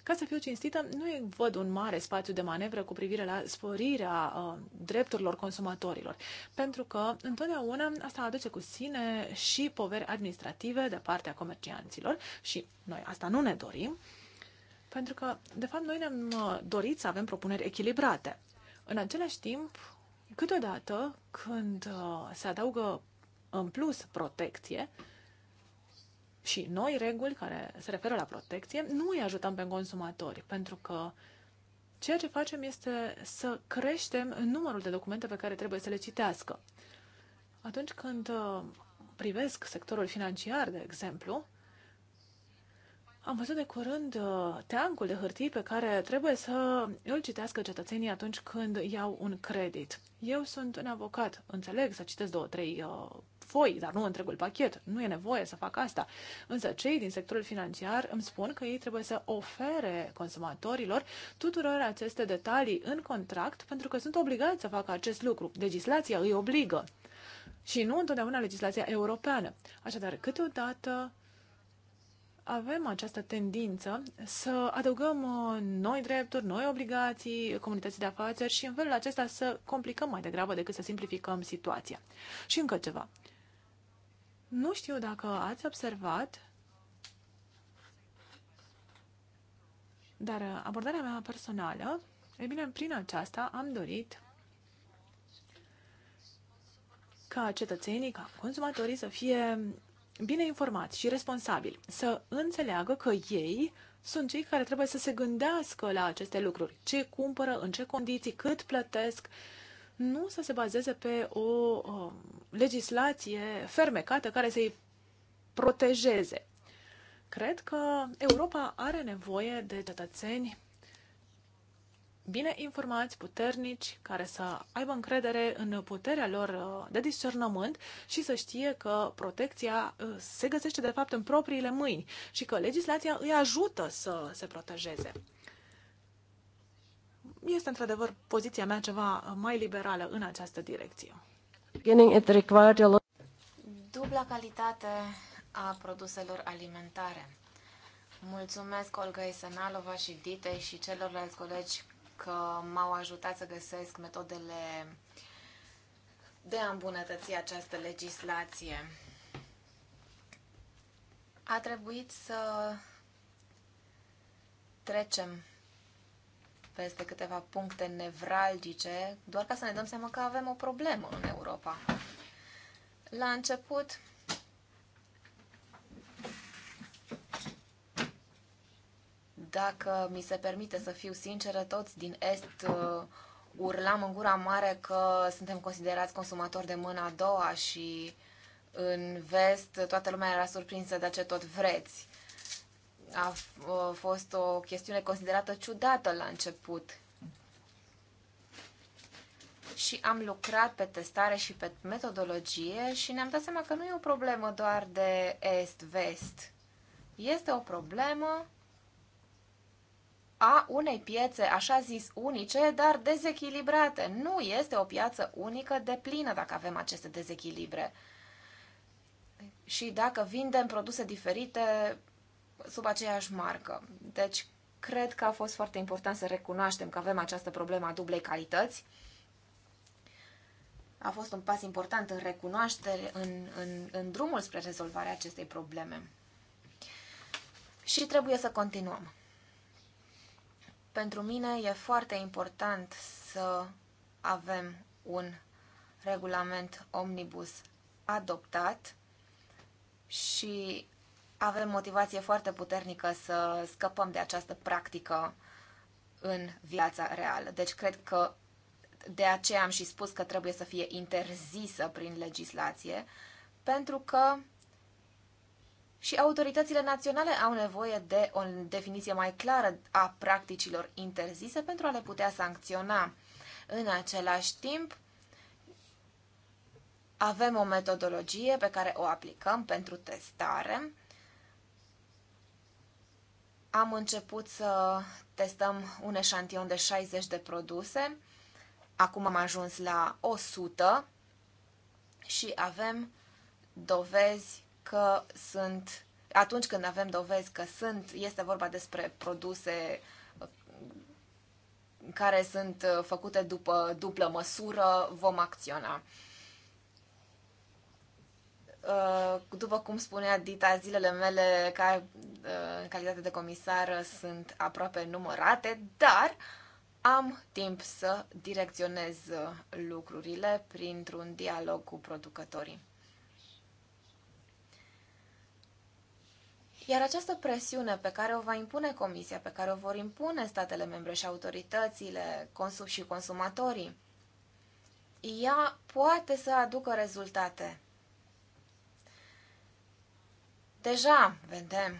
Ca să fiu cinstită, nu văd un mare spațiu de manevră cu privire la sporirea uh, drepturilor consumatorilor, pentru că întotdeauna asta aduce cu sine și poveri administrative de partea comercianților și noi asta nu ne dorim. Pentru că, de fapt, noi ne-am uh, dorit să avem propuneri echilibrate. În același timp, câteodată, când uh, se adaugă în plus protecție și noi reguli care se referă la protecție, nu îi ajutăm pe consumatori, pentru că ceea ce facem este să creștem numărul de documente pe care trebuie să le citească. Atunci când uh, privesc sectorul financiar, de exemplu, am văzut de curând uh, teancul de hârtii pe care trebuie să îl citească cetățenii atunci când iau un credit. Eu sunt un avocat, înțeleg să citesc două, trei uh, foi, dar nu întregul pachet. Nu e nevoie să fac asta. Însă cei din sectorul financiar îmi spun că ei trebuie să ofere consumatorilor tuturor aceste detalii în contract pentru că sunt obligați să facă acest lucru. Legislația îi obligă. Și nu întotdeauna legislația europeană. Așadar, câteodată avem această tendință să adăugăm uh, noi drepturi, noi obligații comunității de afaceri și în felul acesta să complicăm mai degrabă decât să simplificăm situația. Și încă ceva. Nu știu dacă ați observat, dar uh, abordarea mea personală, e bine, prin aceasta am dorit ca cetățenii, ca consumatorii să fie bine informați și responsabili, să înțeleagă că ei sunt cei care trebuie să se gândească la aceste lucruri, ce cumpără, în ce condiții, cât plătesc, nu să se bazeze pe o, uh, legislație fermecată care să-i protejeze. Cred că Europa are nevoie de cetățeni bine informați, puternici, care să aibă încredere în puterea lor uh, de discernământ și să știe că protecția uh, se găsește de fapt în propriile mâini și că legislația îi ajută să se protejeze. Este într-adevăr poziția mea ceva mai liberală în această direcție. Dubla calitate a produselor alimentare. Mulțumesc Olga Isenalova și Dite și celorlalți colegi că m-au ajutat să găsesc metodele de a îmbunătăți această legislație. A trebuit să trecem peste câteva puncte nevralgice, doar ca să ne dăm seama că avem o problemă în Europa. La început, Dacă mi se permite să fiu sinceră, toți din Est uh, urlam în gura mare că suntem considerați consumatori de mâna a doua și în vest toată lumea era surprinsă de ce tot vreți. A uh, fost o chestiune considerată ciudată la început. Și am lucrat pe testare și pe metodologie și ne-am dat seama că nu e o problemă doar de est-vest. Este o problemă a unei piețe, așa zis, unice, dar dezechilibrate. Nu este o piață unică de plină dacă avem aceste dezechilibre. Și dacă vindem produse diferite sub aceeași marcă. Deci, cred că a fost foarte important să recunoaștem că avem această problemă a dublei calități. A fost un pas important în recunoaștere, în, în, în drumul spre rezolvarea acestei probleme. Și trebuie să continuăm. Pentru mine e foarte important să avem un regulament omnibus adoptat și avem motivație foarte puternică să scăpăm de această practică în viața reală. Deci cred că de aceea am și spus că trebuie să fie interzisă prin legislație, pentru că și autoritățile naționale au nevoie de o definiție mai clară a practicilor interzise pentru a le putea sancționa. În același timp, avem o metodologie pe care o aplicăm pentru testare. Am început să testăm un eșantion de 60 de produse. Acum am ajuns la 100 și avem dovezi că sunt, atunci când avem dovezi că sunt, este vorba despre produse uh, care sunt uh, făcute după dublă măsură, vom acționa. Uh, după cum spunea Dita, zilele mele ca în calitate de comisar sunt aproape numărate, dar am timp să direcționez lucrurile printr-un dialog cu producătorii. Iar această presiune pe care o va impune Comisia, pe care o vor impune statele membre și autoritățile consum și consumatorii, ea poate să aducă rezultate. Deja vedem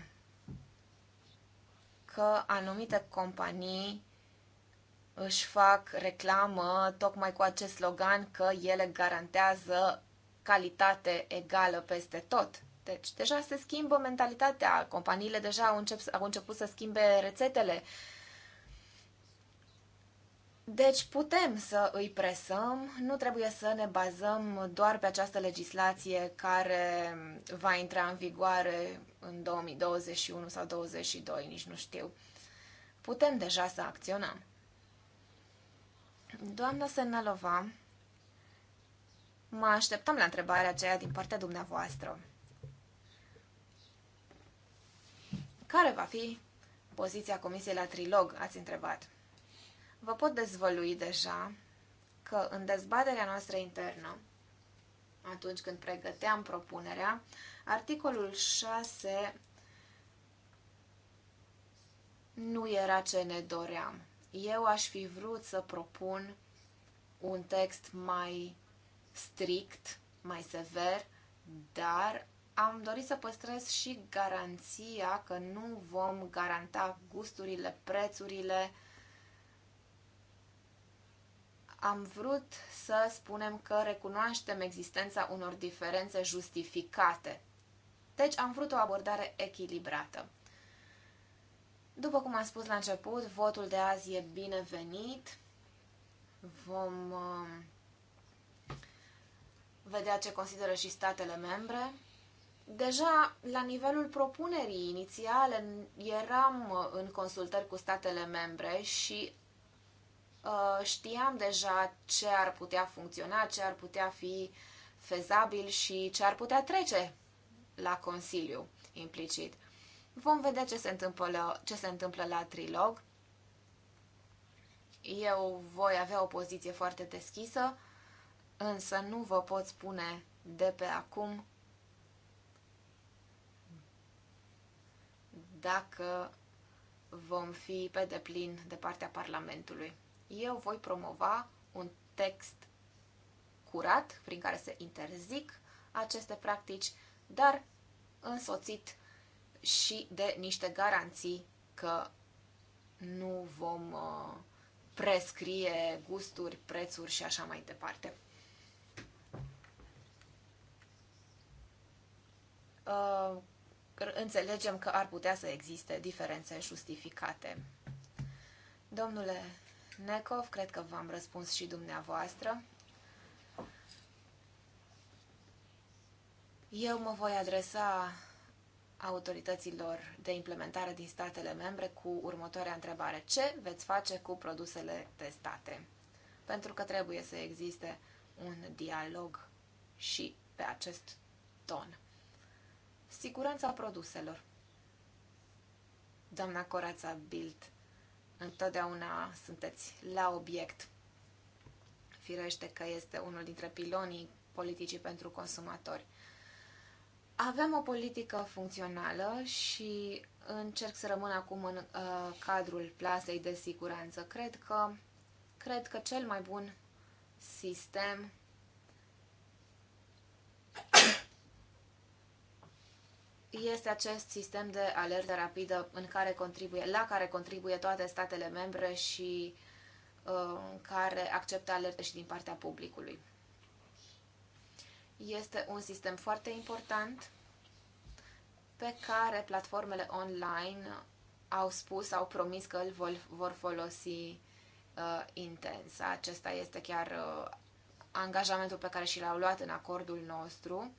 că anumite companii își fac reclamă tocmai cu acest slogan că ele garantează calitate egală peste tot. Deci, deja se schimbă mentalitatea, companiile deja au, încep, au început să schimbe rețetele. Deci putem să îi presăm, nu trebuie să ne bazăm doar pe această legislație care va intra în vigoare în 2021 sau 2022, nici nu știu. Putem deja să acționăm. Doamna Senalova, mă așteptam la întrebarea aceea din partea dumneavoastră. Care va fi poziția Comisiei la trilog, ați întrebat. Vă pot dezvălui deja că în dezbaterea noastră internă, atunci când pregăteam propunerea, articolul 6 nu era ce ne doream. Eu aș fi vrut să propun un text mai strict, mai sever, dar am dorit să păstrez și garanția că nu vom garanta gusturile, prețurile. Am vrut să spunem că recunoaștem existența unor diferențe justificate. Deci am vrut o abordare echilibrată. După cum am spus la început, votul de azi e binevenit. Vom uh, vedea ce consideră și statele membre Deja, la nivelul propunerii inițiale, eram uh, în consultări cu statele membre și uh, știam deja ce ar putea funcționa, ce ar putea fi fezabil și ce ar putea trece la Consiliu implicit. Vom vedea ce se întâmplă, ce se întâmplă la trilog. Eu voi avea o poziție foarte deschisă, însă nu vă pot spune de pe acum dacă vom fi pe deplin de partea Parlamentului. Eu voi promova un text curat, prin care să interzic aceste practici, dar însoțit și de niște garanții că nu vom uh, prescrie gusturi, prețuri și așa mai departe. Uh, înțelegem că ar putea să existe diferențe justificate. Domnule Necov, cred că v-am răspuns și dumneavoastră. Eu mă voi adresa autorităților de implementare din statele membre cu următoarea întrebare. Ce veți face cu produsele testate? Pentru că trebuie să existe un dialog și pe acest ton siguranța produselor. Doamna Corața Bild, întotdeauna sunteți la obiect. Firește că este unul dintre pilonii politicii pentru consumatori. Avem o politică funcțională și încerc să rămân acum în uh, cadrul plasei de siguranță. Cred că, cred că cel mai bun sistem este acest sistem de alertă rapidă în care contribuie, la care contribuie toate statele membre și uh, care acceptă alerte și din partea publicului. Este un sistem foarte important pe care platformele online au spus, au promis că îl vor folosi uh, intens. Acesta este chiar uh, angajamentul pe care și l-au luat în acordul nostru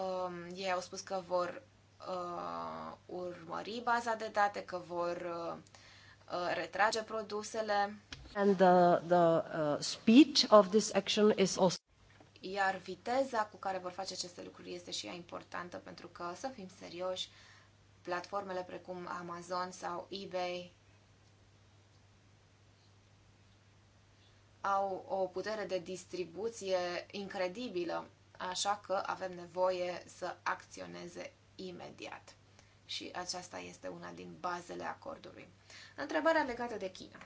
Um, ei au spus că vor uh, urmări baza de date, că vor uh, uh retrage produsele. And the, the uh, speed of this action is also iar viteza cu care vor face aceste lucruri este și ea importantă pentru că, să fim serioși, platformele precum Amazon sau eBay au o putere de distribuție incredibilă așa că avem nevoie să acționeze imediat. Și aceasta este una din bazele acordului. Întrebarea legată de China.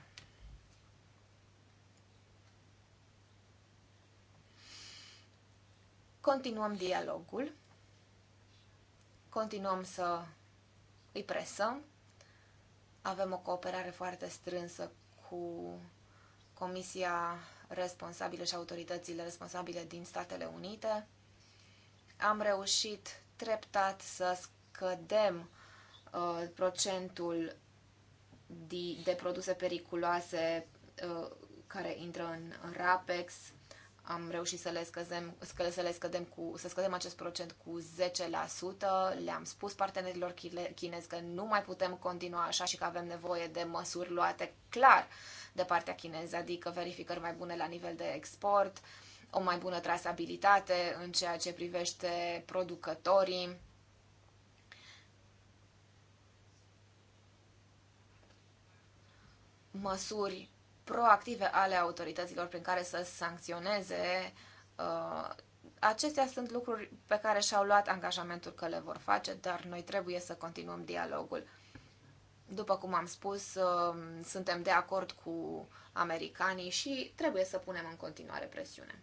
Continuăm dialogul, continuăm să îi presăm, avem o cooperare foarte strânsă cu Comisia responsabile și autoritățile responsabile din Statele Unite. Am reușit treptat să scădem uh, procentul de, de produse periculoase uh, care intră în RAPEX. Am reușit să le, scădem, să le scădem cu, să scădem acest procent cu 10%. Le-am spus partenerilor chinezi că nu mai putem continua așa și că avem nevoie de măsuri luate clar. Uh, de partea chineză, adică verificări mai bune la nivel de export, o mai bună trasabilitate în ceea ce privește producătorii. Măsuri proactive ale autorităților prin care să sancționeze. Uh, acestea sunt lucruri pe care și-au luat angajamentul că le vor face, dar noi trebuie să continuăm dialogul. După cum am spus, um, suntem de acord cu americanii și trebuie să punem în continuare presiune.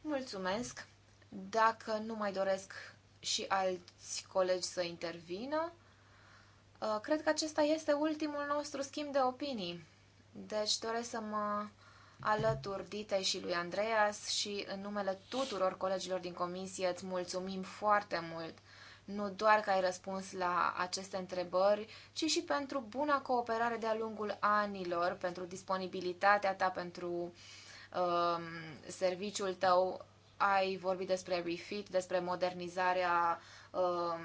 Mulțumesc! Dacă nu mai doresc și alți colegi să intervină, uh, cred că acesta este ultimul nostru schimb de opinii. Deci doresc să mă alătur Ditei și lui Andreas și în numele tuturor colegilor din comisie îți mulțumim foarte mult nu doar că ai răspuns la aceste întrebări, ci și pentru buna cooperare de-a lungul anilor, pentru disponibilitatea ta, pentru um, serviciul tău. Ai vorbit despre refit, despre modernizarea um,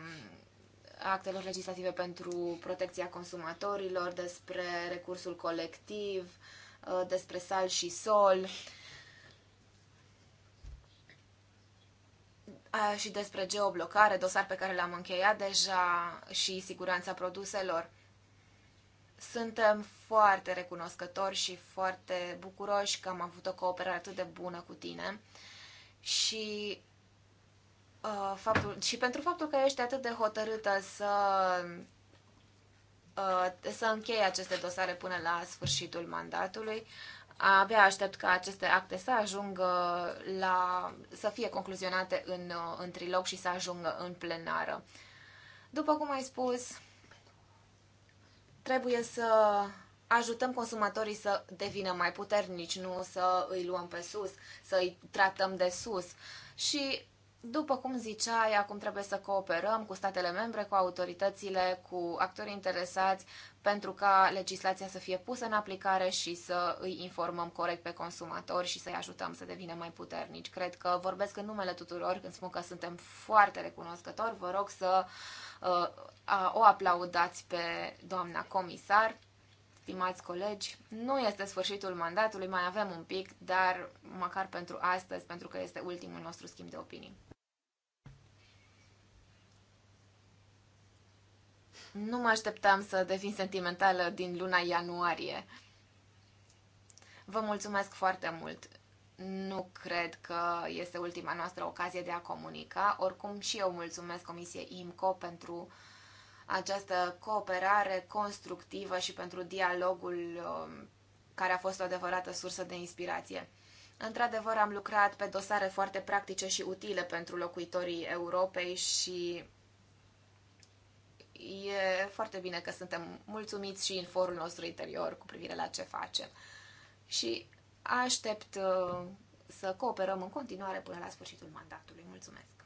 actelor legislative pentru protecția consumatorilor, despre recursul colectiv, uh, despre sal și sol și despre geoblocare, dosar pe care l-am încheiat deja și siguranța produselor. Suntem foarte recunoscători și foarte bucuroși că am avut o cooperare atât de bună cu tine și, uh, faptul, și pentru faptul că ești atât de hotărâtă să, uh, să încheie aceste dosare până la sfârșitul mandatului. Uh, Abia aștept ca aceste acte să ajungă la, să fie concluzionate în, uh, în trilog și să ajungă în plenară. După cum ai spus, trebuie să ajutăm consumatorii să devină mai puternici, nu să îi luăm pe sus, să îi tratăm de sus. Și după cum ziceai, acum trebuie să cooperăm cu statele membre, cu autoritățile, cu actorii interesați pentru ca legislația să fie pusă în aplicare și să îi informăm corect pe consumatori și să-i ajutăm să devină mai puternici. Cred că vorbesc în numele tuturor când spun că suntem foarte recunoscători. Vă rog să uh, o aplaudați pe doamna comisar. Stimați colegi, nu este sfârșitul mandatului, mai avem un pic, dar măcar pentru astăzi, pentru că este ultimul nostru schimb de opinii. Nu mă așteptam să devin sentimentală din luna ianuarie. Vă mulțumesc foarte mult. Nu cred că este ultima noastră ocazie de a comunica. Oricum și eu mulțumesc Comisiei IMCO pentru această cooperare constructivă și pentru dialogul um, care a fost o adevărată sursă de inspirație. Într-adevăr, am lucrat pe dosare foarte practice și utile pentru locuitorii Europei și e foarte bine că suntem mulțumiți și în forul nostru interior cu privire la ce facem. Și aștept uh, să cooperăm în continuare până la sfârșitul mandatului. Mulțumesc!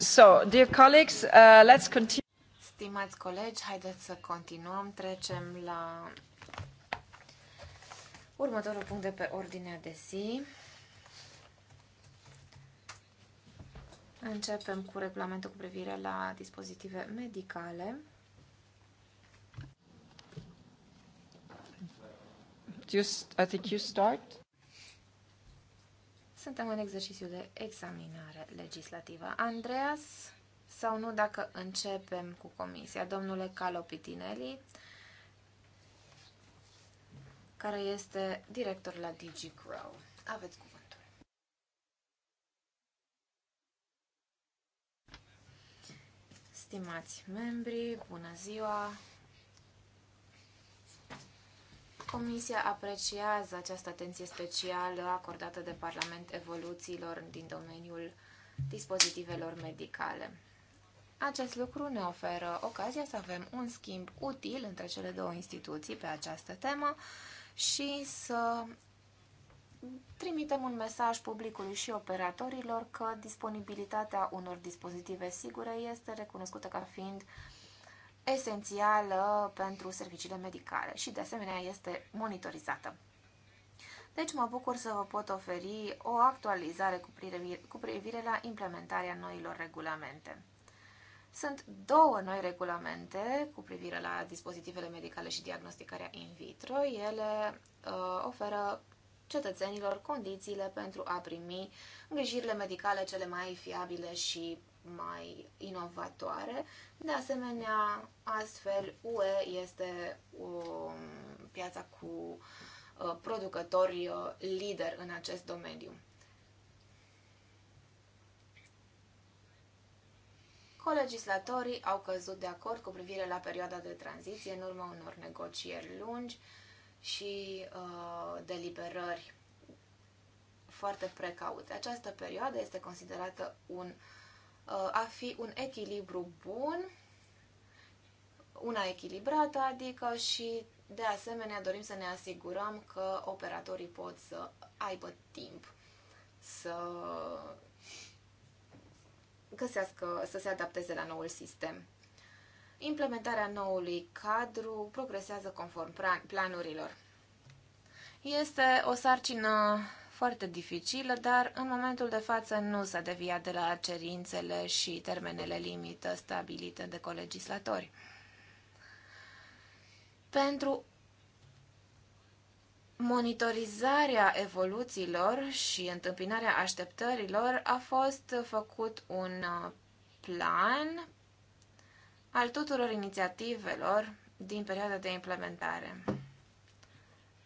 So, dear colleagues, uh, let's continue. Stimați colegi, haideți să continuăm. Trecem la următorul punct de pe ordinea de zi. Începem cu regulamentul cu privire la dispozitive medicale. Just, I think you start. Suntem în exercițiu de examinare legislativă. Andreas, sau nu dacă începem cu comisia, domnule Calopitinelli, care este director la DigiGrow. Aveți cuvântul. Stimați membri, bună ziua! Comisia apreciază această atenție specială acordată de Parlament evoluțiilor din domeniul dispozitivelor medicale. Acest lucru ne oferă ocazia să avem un schimb util între cele două instituții pe această temă și să trimitem un mesaj publicului și operatorilor că disponibilitatea unor dispozitive sigure este recunoscută ca fiind uh, esențială pentru serviciile medicale și de asemenea este monitorizată. Deci mă bucur să vă pot oferi o actualizare cu privire, cu privire la implementarea noilor regulamente. Sunt două noi regulamente cu privire la dispozitivele medicale și diagnosticarea in vitro. Ele uh, oferă cetățenilor condițiile pentru a primi îngrijirile medicale cele mai fiabile și mai inovatoare. De asemenea, astfel, UE este o um, piața cu uh, producători uh, lider în acest domeniu. Colegislatorii au căzut de acord cu privire la perioada de tranziție în urma unor negocieri lungi și uh, deliberări foarte precaute. Această perioadă este considerată un uh, a fi un echilibru bun, una echilibrată, adică și de asemenea dorim să ne asigurăm că operatorii pot să aibă timp să găsească, să se adapteze la noul sistem. Implementarea noului cadru progresează conform planurilor. Este o sarcină foarte dificilă, dar în momentul de față nu s-a deviat de la cerințele și termenele limită stabilite de colegislatori. Pentru monitorizarea evoluțiilor și întâmpinarea așteptărilor a fost făcut un uh, plan al tuturor inițiativelor din perioada de implementare.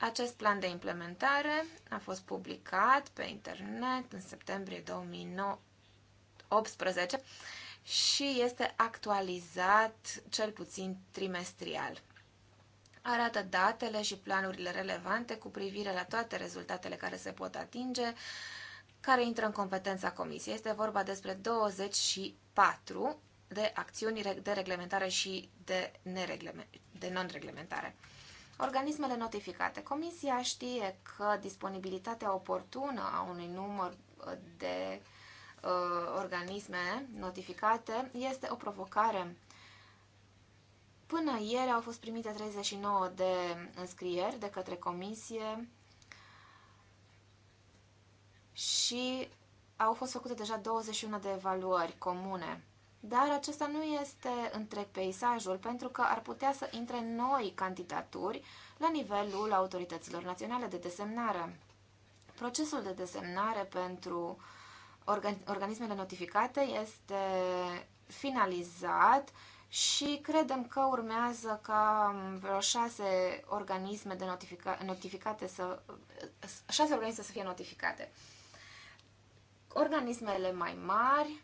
Acest plan de implementare a fost publicat pe internet în septembrie 2018 și este actualizat cel puțin trimestrial. Arată datele și planurile relevante cu privire la toate rezultatele care se pot atinge, care intră în competența comisiei. Este vorba despre 24 de acțiuni de reglementare și de, de non-reglementare. Organismele notificate. Comisia știe că disponibilitatea oportună a unui număr de uh, organisme notificate este o provocare. Până ieri au fost primite 39 de înscrieri de către comisie și au fost făcute deja 21 de evaluări comune dar acesta nu este întreg peisajul, pentru că ar putea să intre noi candidaturi la nivelul autorităților naționale de desemnare. Procesul de desemnare pentru organismele notificate este finalizat și credem că urmează ca vreo șase organisme de notifica, notificate să, șase organisme să fie notificate. Organismele mai mari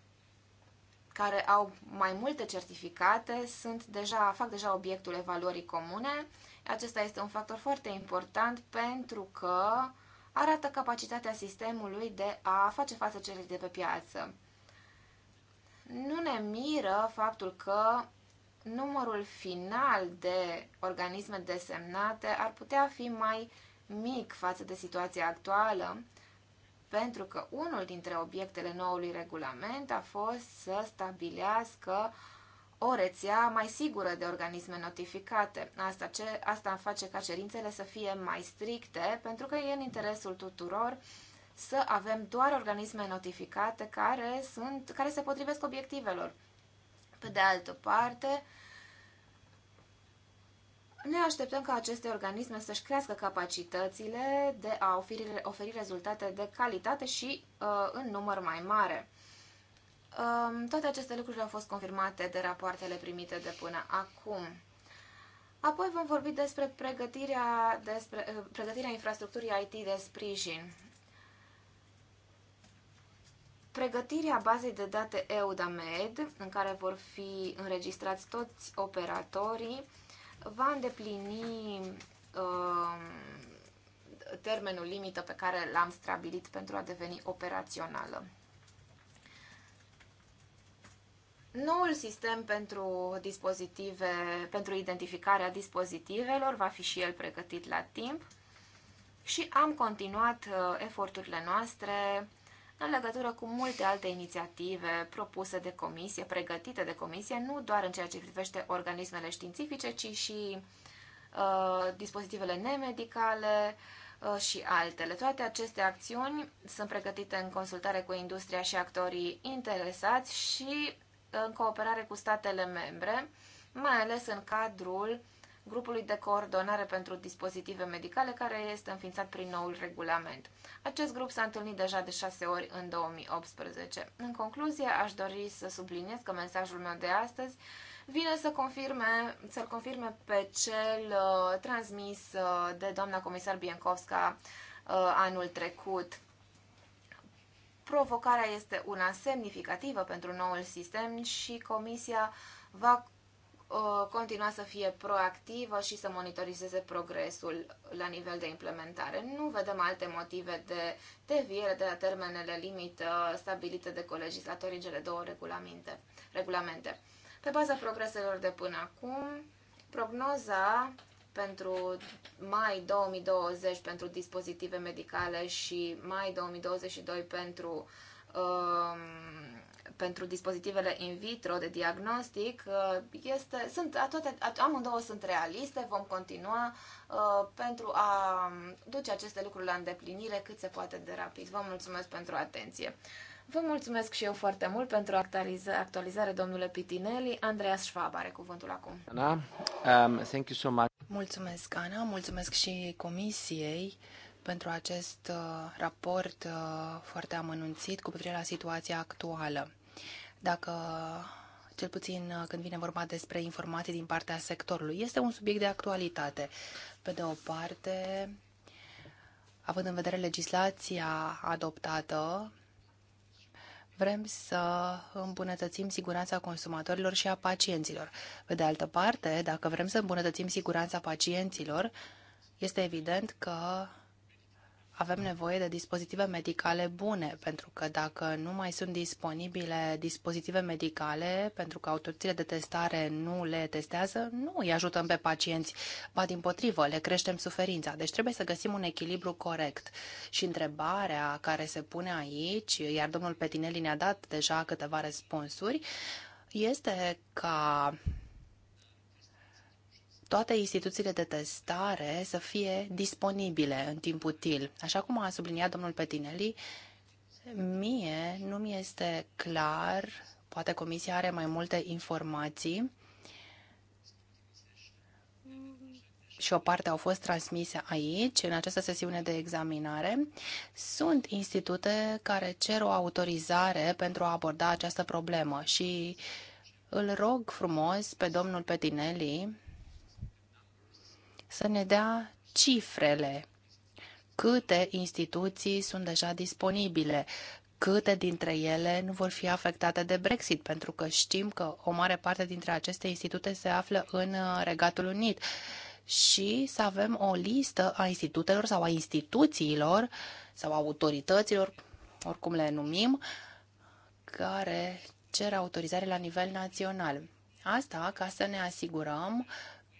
care au mai multe certificate sunt deja, fac deja obiectul evaluării comune. Acesta este un factor foarte important pentru că arată capacitatea sistemului de a face față celor de pe piață. Nu ne miră faptul că numărul final de organisme desemnate ar putea fi mai mic față de situația actuală, pentru că unul dintre obiectele noului regulament a fost să stabilească o rețea mai sigură de organisme notificate. Asta, ce, asta face ca cerințele să fie mai stricte, pentru că e în interesul tuturor să avem doar organisme notificate care, sunt, care se potrivesc obiectivelor. Pe de altă parte, uh, ne așteptăm ca aceste organisme să-și crească capacitățile de a oferi, oferi rezultate de calitate și uh, în număr mai mare. Um, toate aceste lucruri au fost confirmate de rapoartele primite de până acum. Apoi vom vorbi despre pregătirea, despre, uh, pregătirea infrastructurii IT de sprijin. Pregătirea bazei de date EUDAMED, în care vor fi înregistrați toți operatorii, va îndeplini uh, termenul limită pe care l-am stabilit pentru a deveni operațională. Noul sistem pentru dispozitive, pentru identificarea dispozitivelor va fi și el pregătit la timp și am continuat uh, eforturile noastre în legătură cu multe alte inițiative propuse de comisie, pregătite de comisie, nu doar în ceea ce privește organismele științifice, ci și uh, dispozitivele nemedicale uh, și altele. Toate aceste acțiuni sunt pregătite în consultare cu industria și actorii interesați și în cooperare cu statele membre, mai ales în cadrul uh, grupului de coordonare pentru dispozitive medicale care este înființat prin noul regulament. Acest grup s-a întâlnit deja de șase ori în 2018. În concluzie, aș dori să subliniez că mesajul meu de astăzi vine să confirme, să confirme pe cel uh, transmis uh, de doamna comisar Biencovska uh, anul trecut. Provocarea este una semnificativă pentru noul sistem și Comisia va Uh, continua să fie proactivă și să monitorizeze progresul la nivel de implementare. Nu vedem alte motive de deviere de la termenele limită stabilite de colegislatori în cele două regulamente. regulamente. Pe baza progreselor de până acum, prognoza pentru mai 2020 pentru dispozitive medicale și mai 2022 pentru um, pentru dispozitivele in vitro de diagnostic uh, este, sunt, toate, amândouă sunt realiste, vom continua uh, pentru a um, duce aceste lucruri la îndeplinire cât se poate de rapid. Vă mulțumesc pentru atenție. Vă mulțumesc și eu foarte mult pentru actualizare, actualizare, domnule Pitinelli. Andreas Schwab are cuvântul acum. Ana, um, thank you so much. Mulțumesc, Ana, mulțumesc și comisiei pentru acest uh, raport foarte amănunțit cu privire la situația actuală dacă cel puțin uh, când vine vorba despre informații din partea sectorului. Este un subiect de actualitate. Pe de o parte, având în vedere legislația adoptată, vrem să îmbunătățim siguranța consumatorilor și a pacienților. Pe de altă parte, dacă vrem să îmbunătățim siguranța pacienților, este evident că avem nevoie de dispozitive medicale bune, pentru că dacă nu mai sunt disponibile dispozitive medicale, pentru că autoritățile de testare nu le testează, nu îi ajutăm pe pacienți, ba din potrivă, le creștem suferința. Deci trebuie să găsim un echilibru corect. Și întrebarea care se pune aici, iar domnul Petinelli ne-a dat deja câteva răspunsuri, este ca toate instituțiile de testare să fie disponibile în timp util. Așa cum a subliniat domnul Petinelli, mie nu mi este clar, poate comisia are mai multe informații și o parte au fost transmise aici, în această sesiune de examinare. Sunt institute care cer o autorizare pentru a aborda această problemă și îl rog frumos pe domnul Petinelli să ne dea cifrele, câte instituții sunt deja disponibile, câte dintre ele nu vor fi afectate de Brexit, pentru că știm că o mare parte dintre aceste institute se află în uh, Regatul Unit și să avem o listă a institutelor sau a instituțiilor sau autorităților, oricum le numim, care cer autorizare la nivel național. Asta ca să ne asigurăm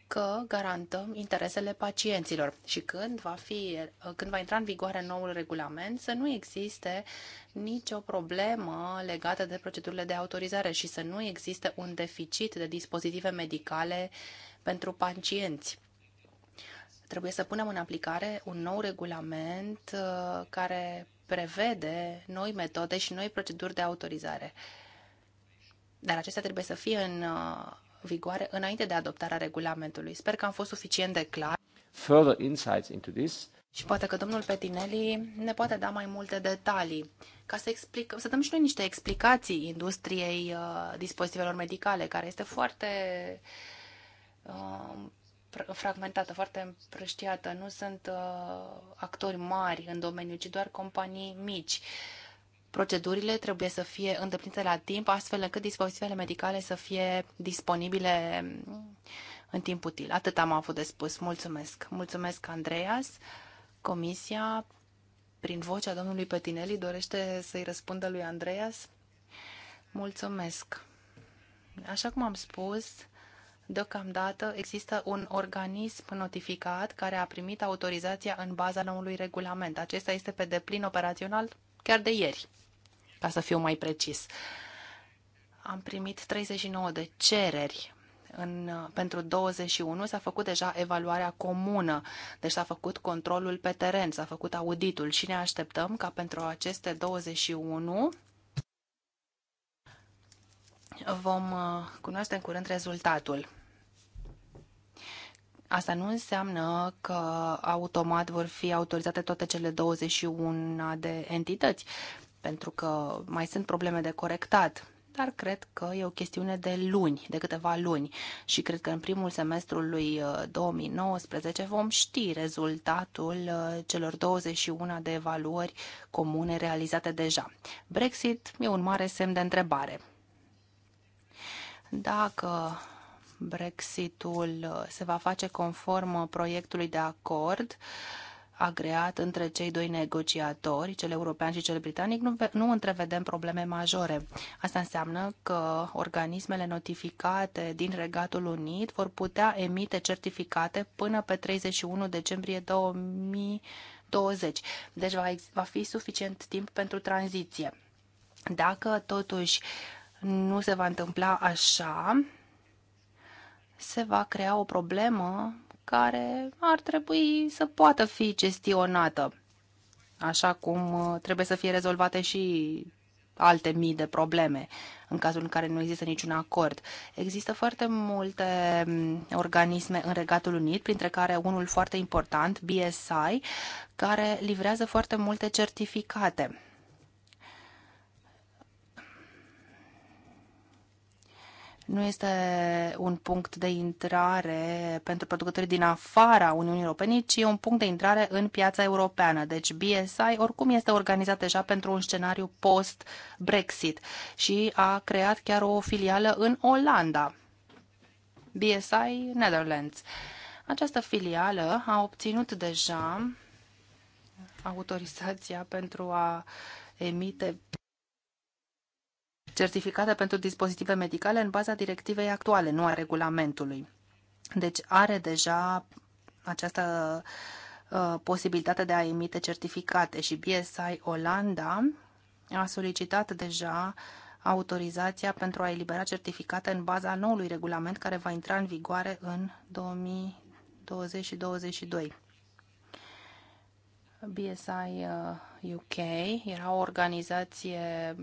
că garantăm interesele pacienților și când va, fi, când va intra în vigoare noul regulament să nu existe nicio problemă legată de procedurile de autorizare și să nu existe un deficit de dispozitive medicale pentru pacienți trebuie să punem în aplicare un nou regulament uh, care prevede noi metode și noi proceduri de autorizare. Dar acestea trebuie să fie în uh, vigoare înainte de adoptarea regulamentului. Sper că am fost suficient de clar. Further insights into this. Și poate că domnul Petinelli ne poate da mai multe detalii ca să, explic, să dăm și noi niște explicații industriei uh, dispozitivelor medicale, care este foarte uh, fragmentată, foarte împrăștiată. Nu sunt uh, actori mari în domeniu, ci doar companii mici. Uh, procedurile trebuie să fie îndeplinite la timp, astfel încât dispozitivele medicale să fie disponibile mm, în timp util. Atât am avut de spus. Mulțumesc. Mulțumesc, Andreas. Comisia, prin vocea domnului Petinelli, dorește să-i răspundă lui Andreas. Mulțumesc. Așa cum am spus, Deocamdată există un organism notificat care a primit autorizația în baza noului regulament. Acesta este pe deplin operațional chiar de ieri ca să fiu mai precis. Am primit 39 de cereri în, pentru 21 s-a făcut deja evaluarea comună, deci s-a făcut controlul pe teren, s-a făcut auditul și ne așteptăm ca pentru aceste 21 vom uh, cunoaște în curând rezultatul. Asta nu înseamnă că automat vor fi autorizate toate cele 21 de entități, pentru că mai sunt probleme de corectat, dar cred că e o chestiune de luni, de câteva luni și cred că în primul semestru lui 2019 uh, vom ști rezultatul uh, celor 21 de evaluări comune realizate deja. Brexit e un mare semn de întrebare. Dacă Brexitul uh, se va face conform proiectului de acord, uh, agreat între cei doi negociatori, cel european și cel britanic, nu, nu întrevedem probleme majore. Asta înseamnă că organismele notificate din Regatul Unit vor putea emite certificate până pe 31 decembrie 2020. Deci va, va fi suficient timp pentru tranziție. Dacă totuși nu se va întâmpla așa, se va crea o problemă care ar trebui să poată fi gestionată, așa cum uh, trebuie să fie rezolvate și alte mii de probleme în cazul în care nu există niciun acord. Există foarte multe mm, organisme în Regatul Unit, printre care unul foarte important, BSI, care livrează foarte multe certificate. nu este un punct de intrare pentru producători din afara Uniunii Europene, ci un punct de intrare în piața europeană. Deci BSI oricum este organizat deja pentru un scenariu post-Brexit și a creat chiar o filială în Olanda. BSI Netherlands. Această filială a obținut deja autorizația pentru a emite certificate pentru dispozitive medicale în baza directivei actuale, nu a regulamentului. Deci are deja această uh, posibilitate de a emite certificate și BSI Olanda a solicitat deja autorizația pentru a elibera certificate în baza noului regulament care va intra în vigoare în 2020 și 2022. BSI UK uh, era o organizație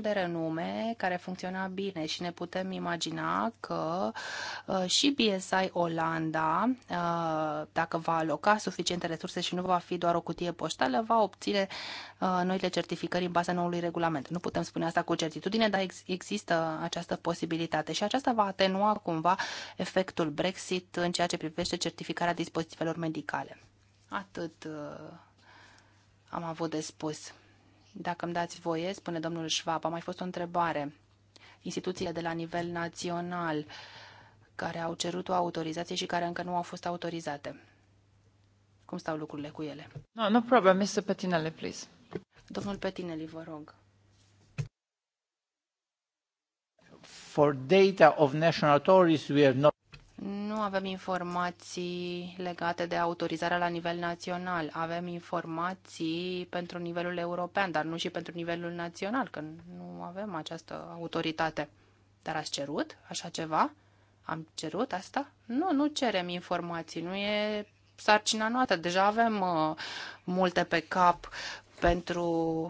de renume care funcționa bine și ne putem imagina că uh, și BSI Olanda, uh, dacă va aloca suficiente resurse și nu va fi doar o cutie poștală, va obține noile certificări în baza noului regulament. Nu putem spune asta cu certitudine, dar există această posibilitate și aceasta va atenua cumva efectul Brexit în ceea ce privește certificarea dispozitivelor medicale. Atât am avut de spus. Dacă îmi dați voie, spune domnul Schwab, a mai fost o întrebare. Instituțiile de la nivel național care au cerut o autorizație și care încă nu au fost autorizate. Cum stau lucrurile cu ele? No, no problem, Mr. Petinelli, please. Domnul Petinelli, vă rog. For data of national authorities, we have not nu avem informații legate de autorizarea la nivel național. Avem informații pentru nivelul european, dar nu și pentru nivelul național, că nu avem această autoritate. Dar ați cerut așa ceva? Am cerut asta? Nu, nu cerem informații, nu e sarcina noastră. Deja avem uh, multe pe cap pentru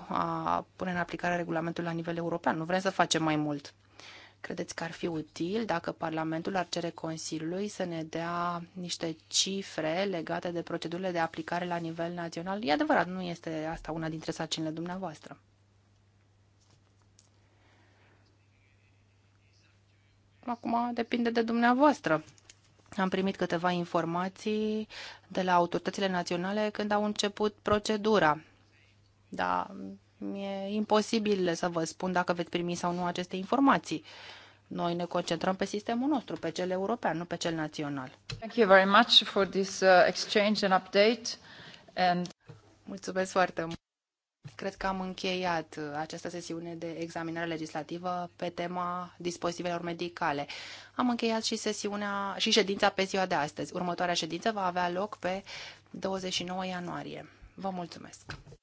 a pune în aplicare regulamentul la nivel european. Nu vrem să facem mai mult. Credeți că ar fi util dacă Parlamentul ar cere Consiliului să ne dea niște cifre legate de procedurile de aplicare la nivel național? E adevărat, nu este asta una dintre sarcinile dumneavoastră. Acum depinde de dumneavoastră. Am primit câteva informații de la autoritățile naționale când au început procedura. Da, mi-e imposibil să vă spun dacă veți primi sau nu aceste informații. Noi ne concentrăm pe sistemul nostru, pe cel european, nu pe cel național. Thank you very much for this uh, exchange and update. And... Mulțumesc foarte mult. Cred că am încheiat uh, această sesiune de examinare legislativă pe tema dispozitivelor medicale. Am încheiat și sesiunea și ședința pe ziua de astăzi. Următoarea ședință va avea loc pe 29 ianuarie. Vă mulțumesc!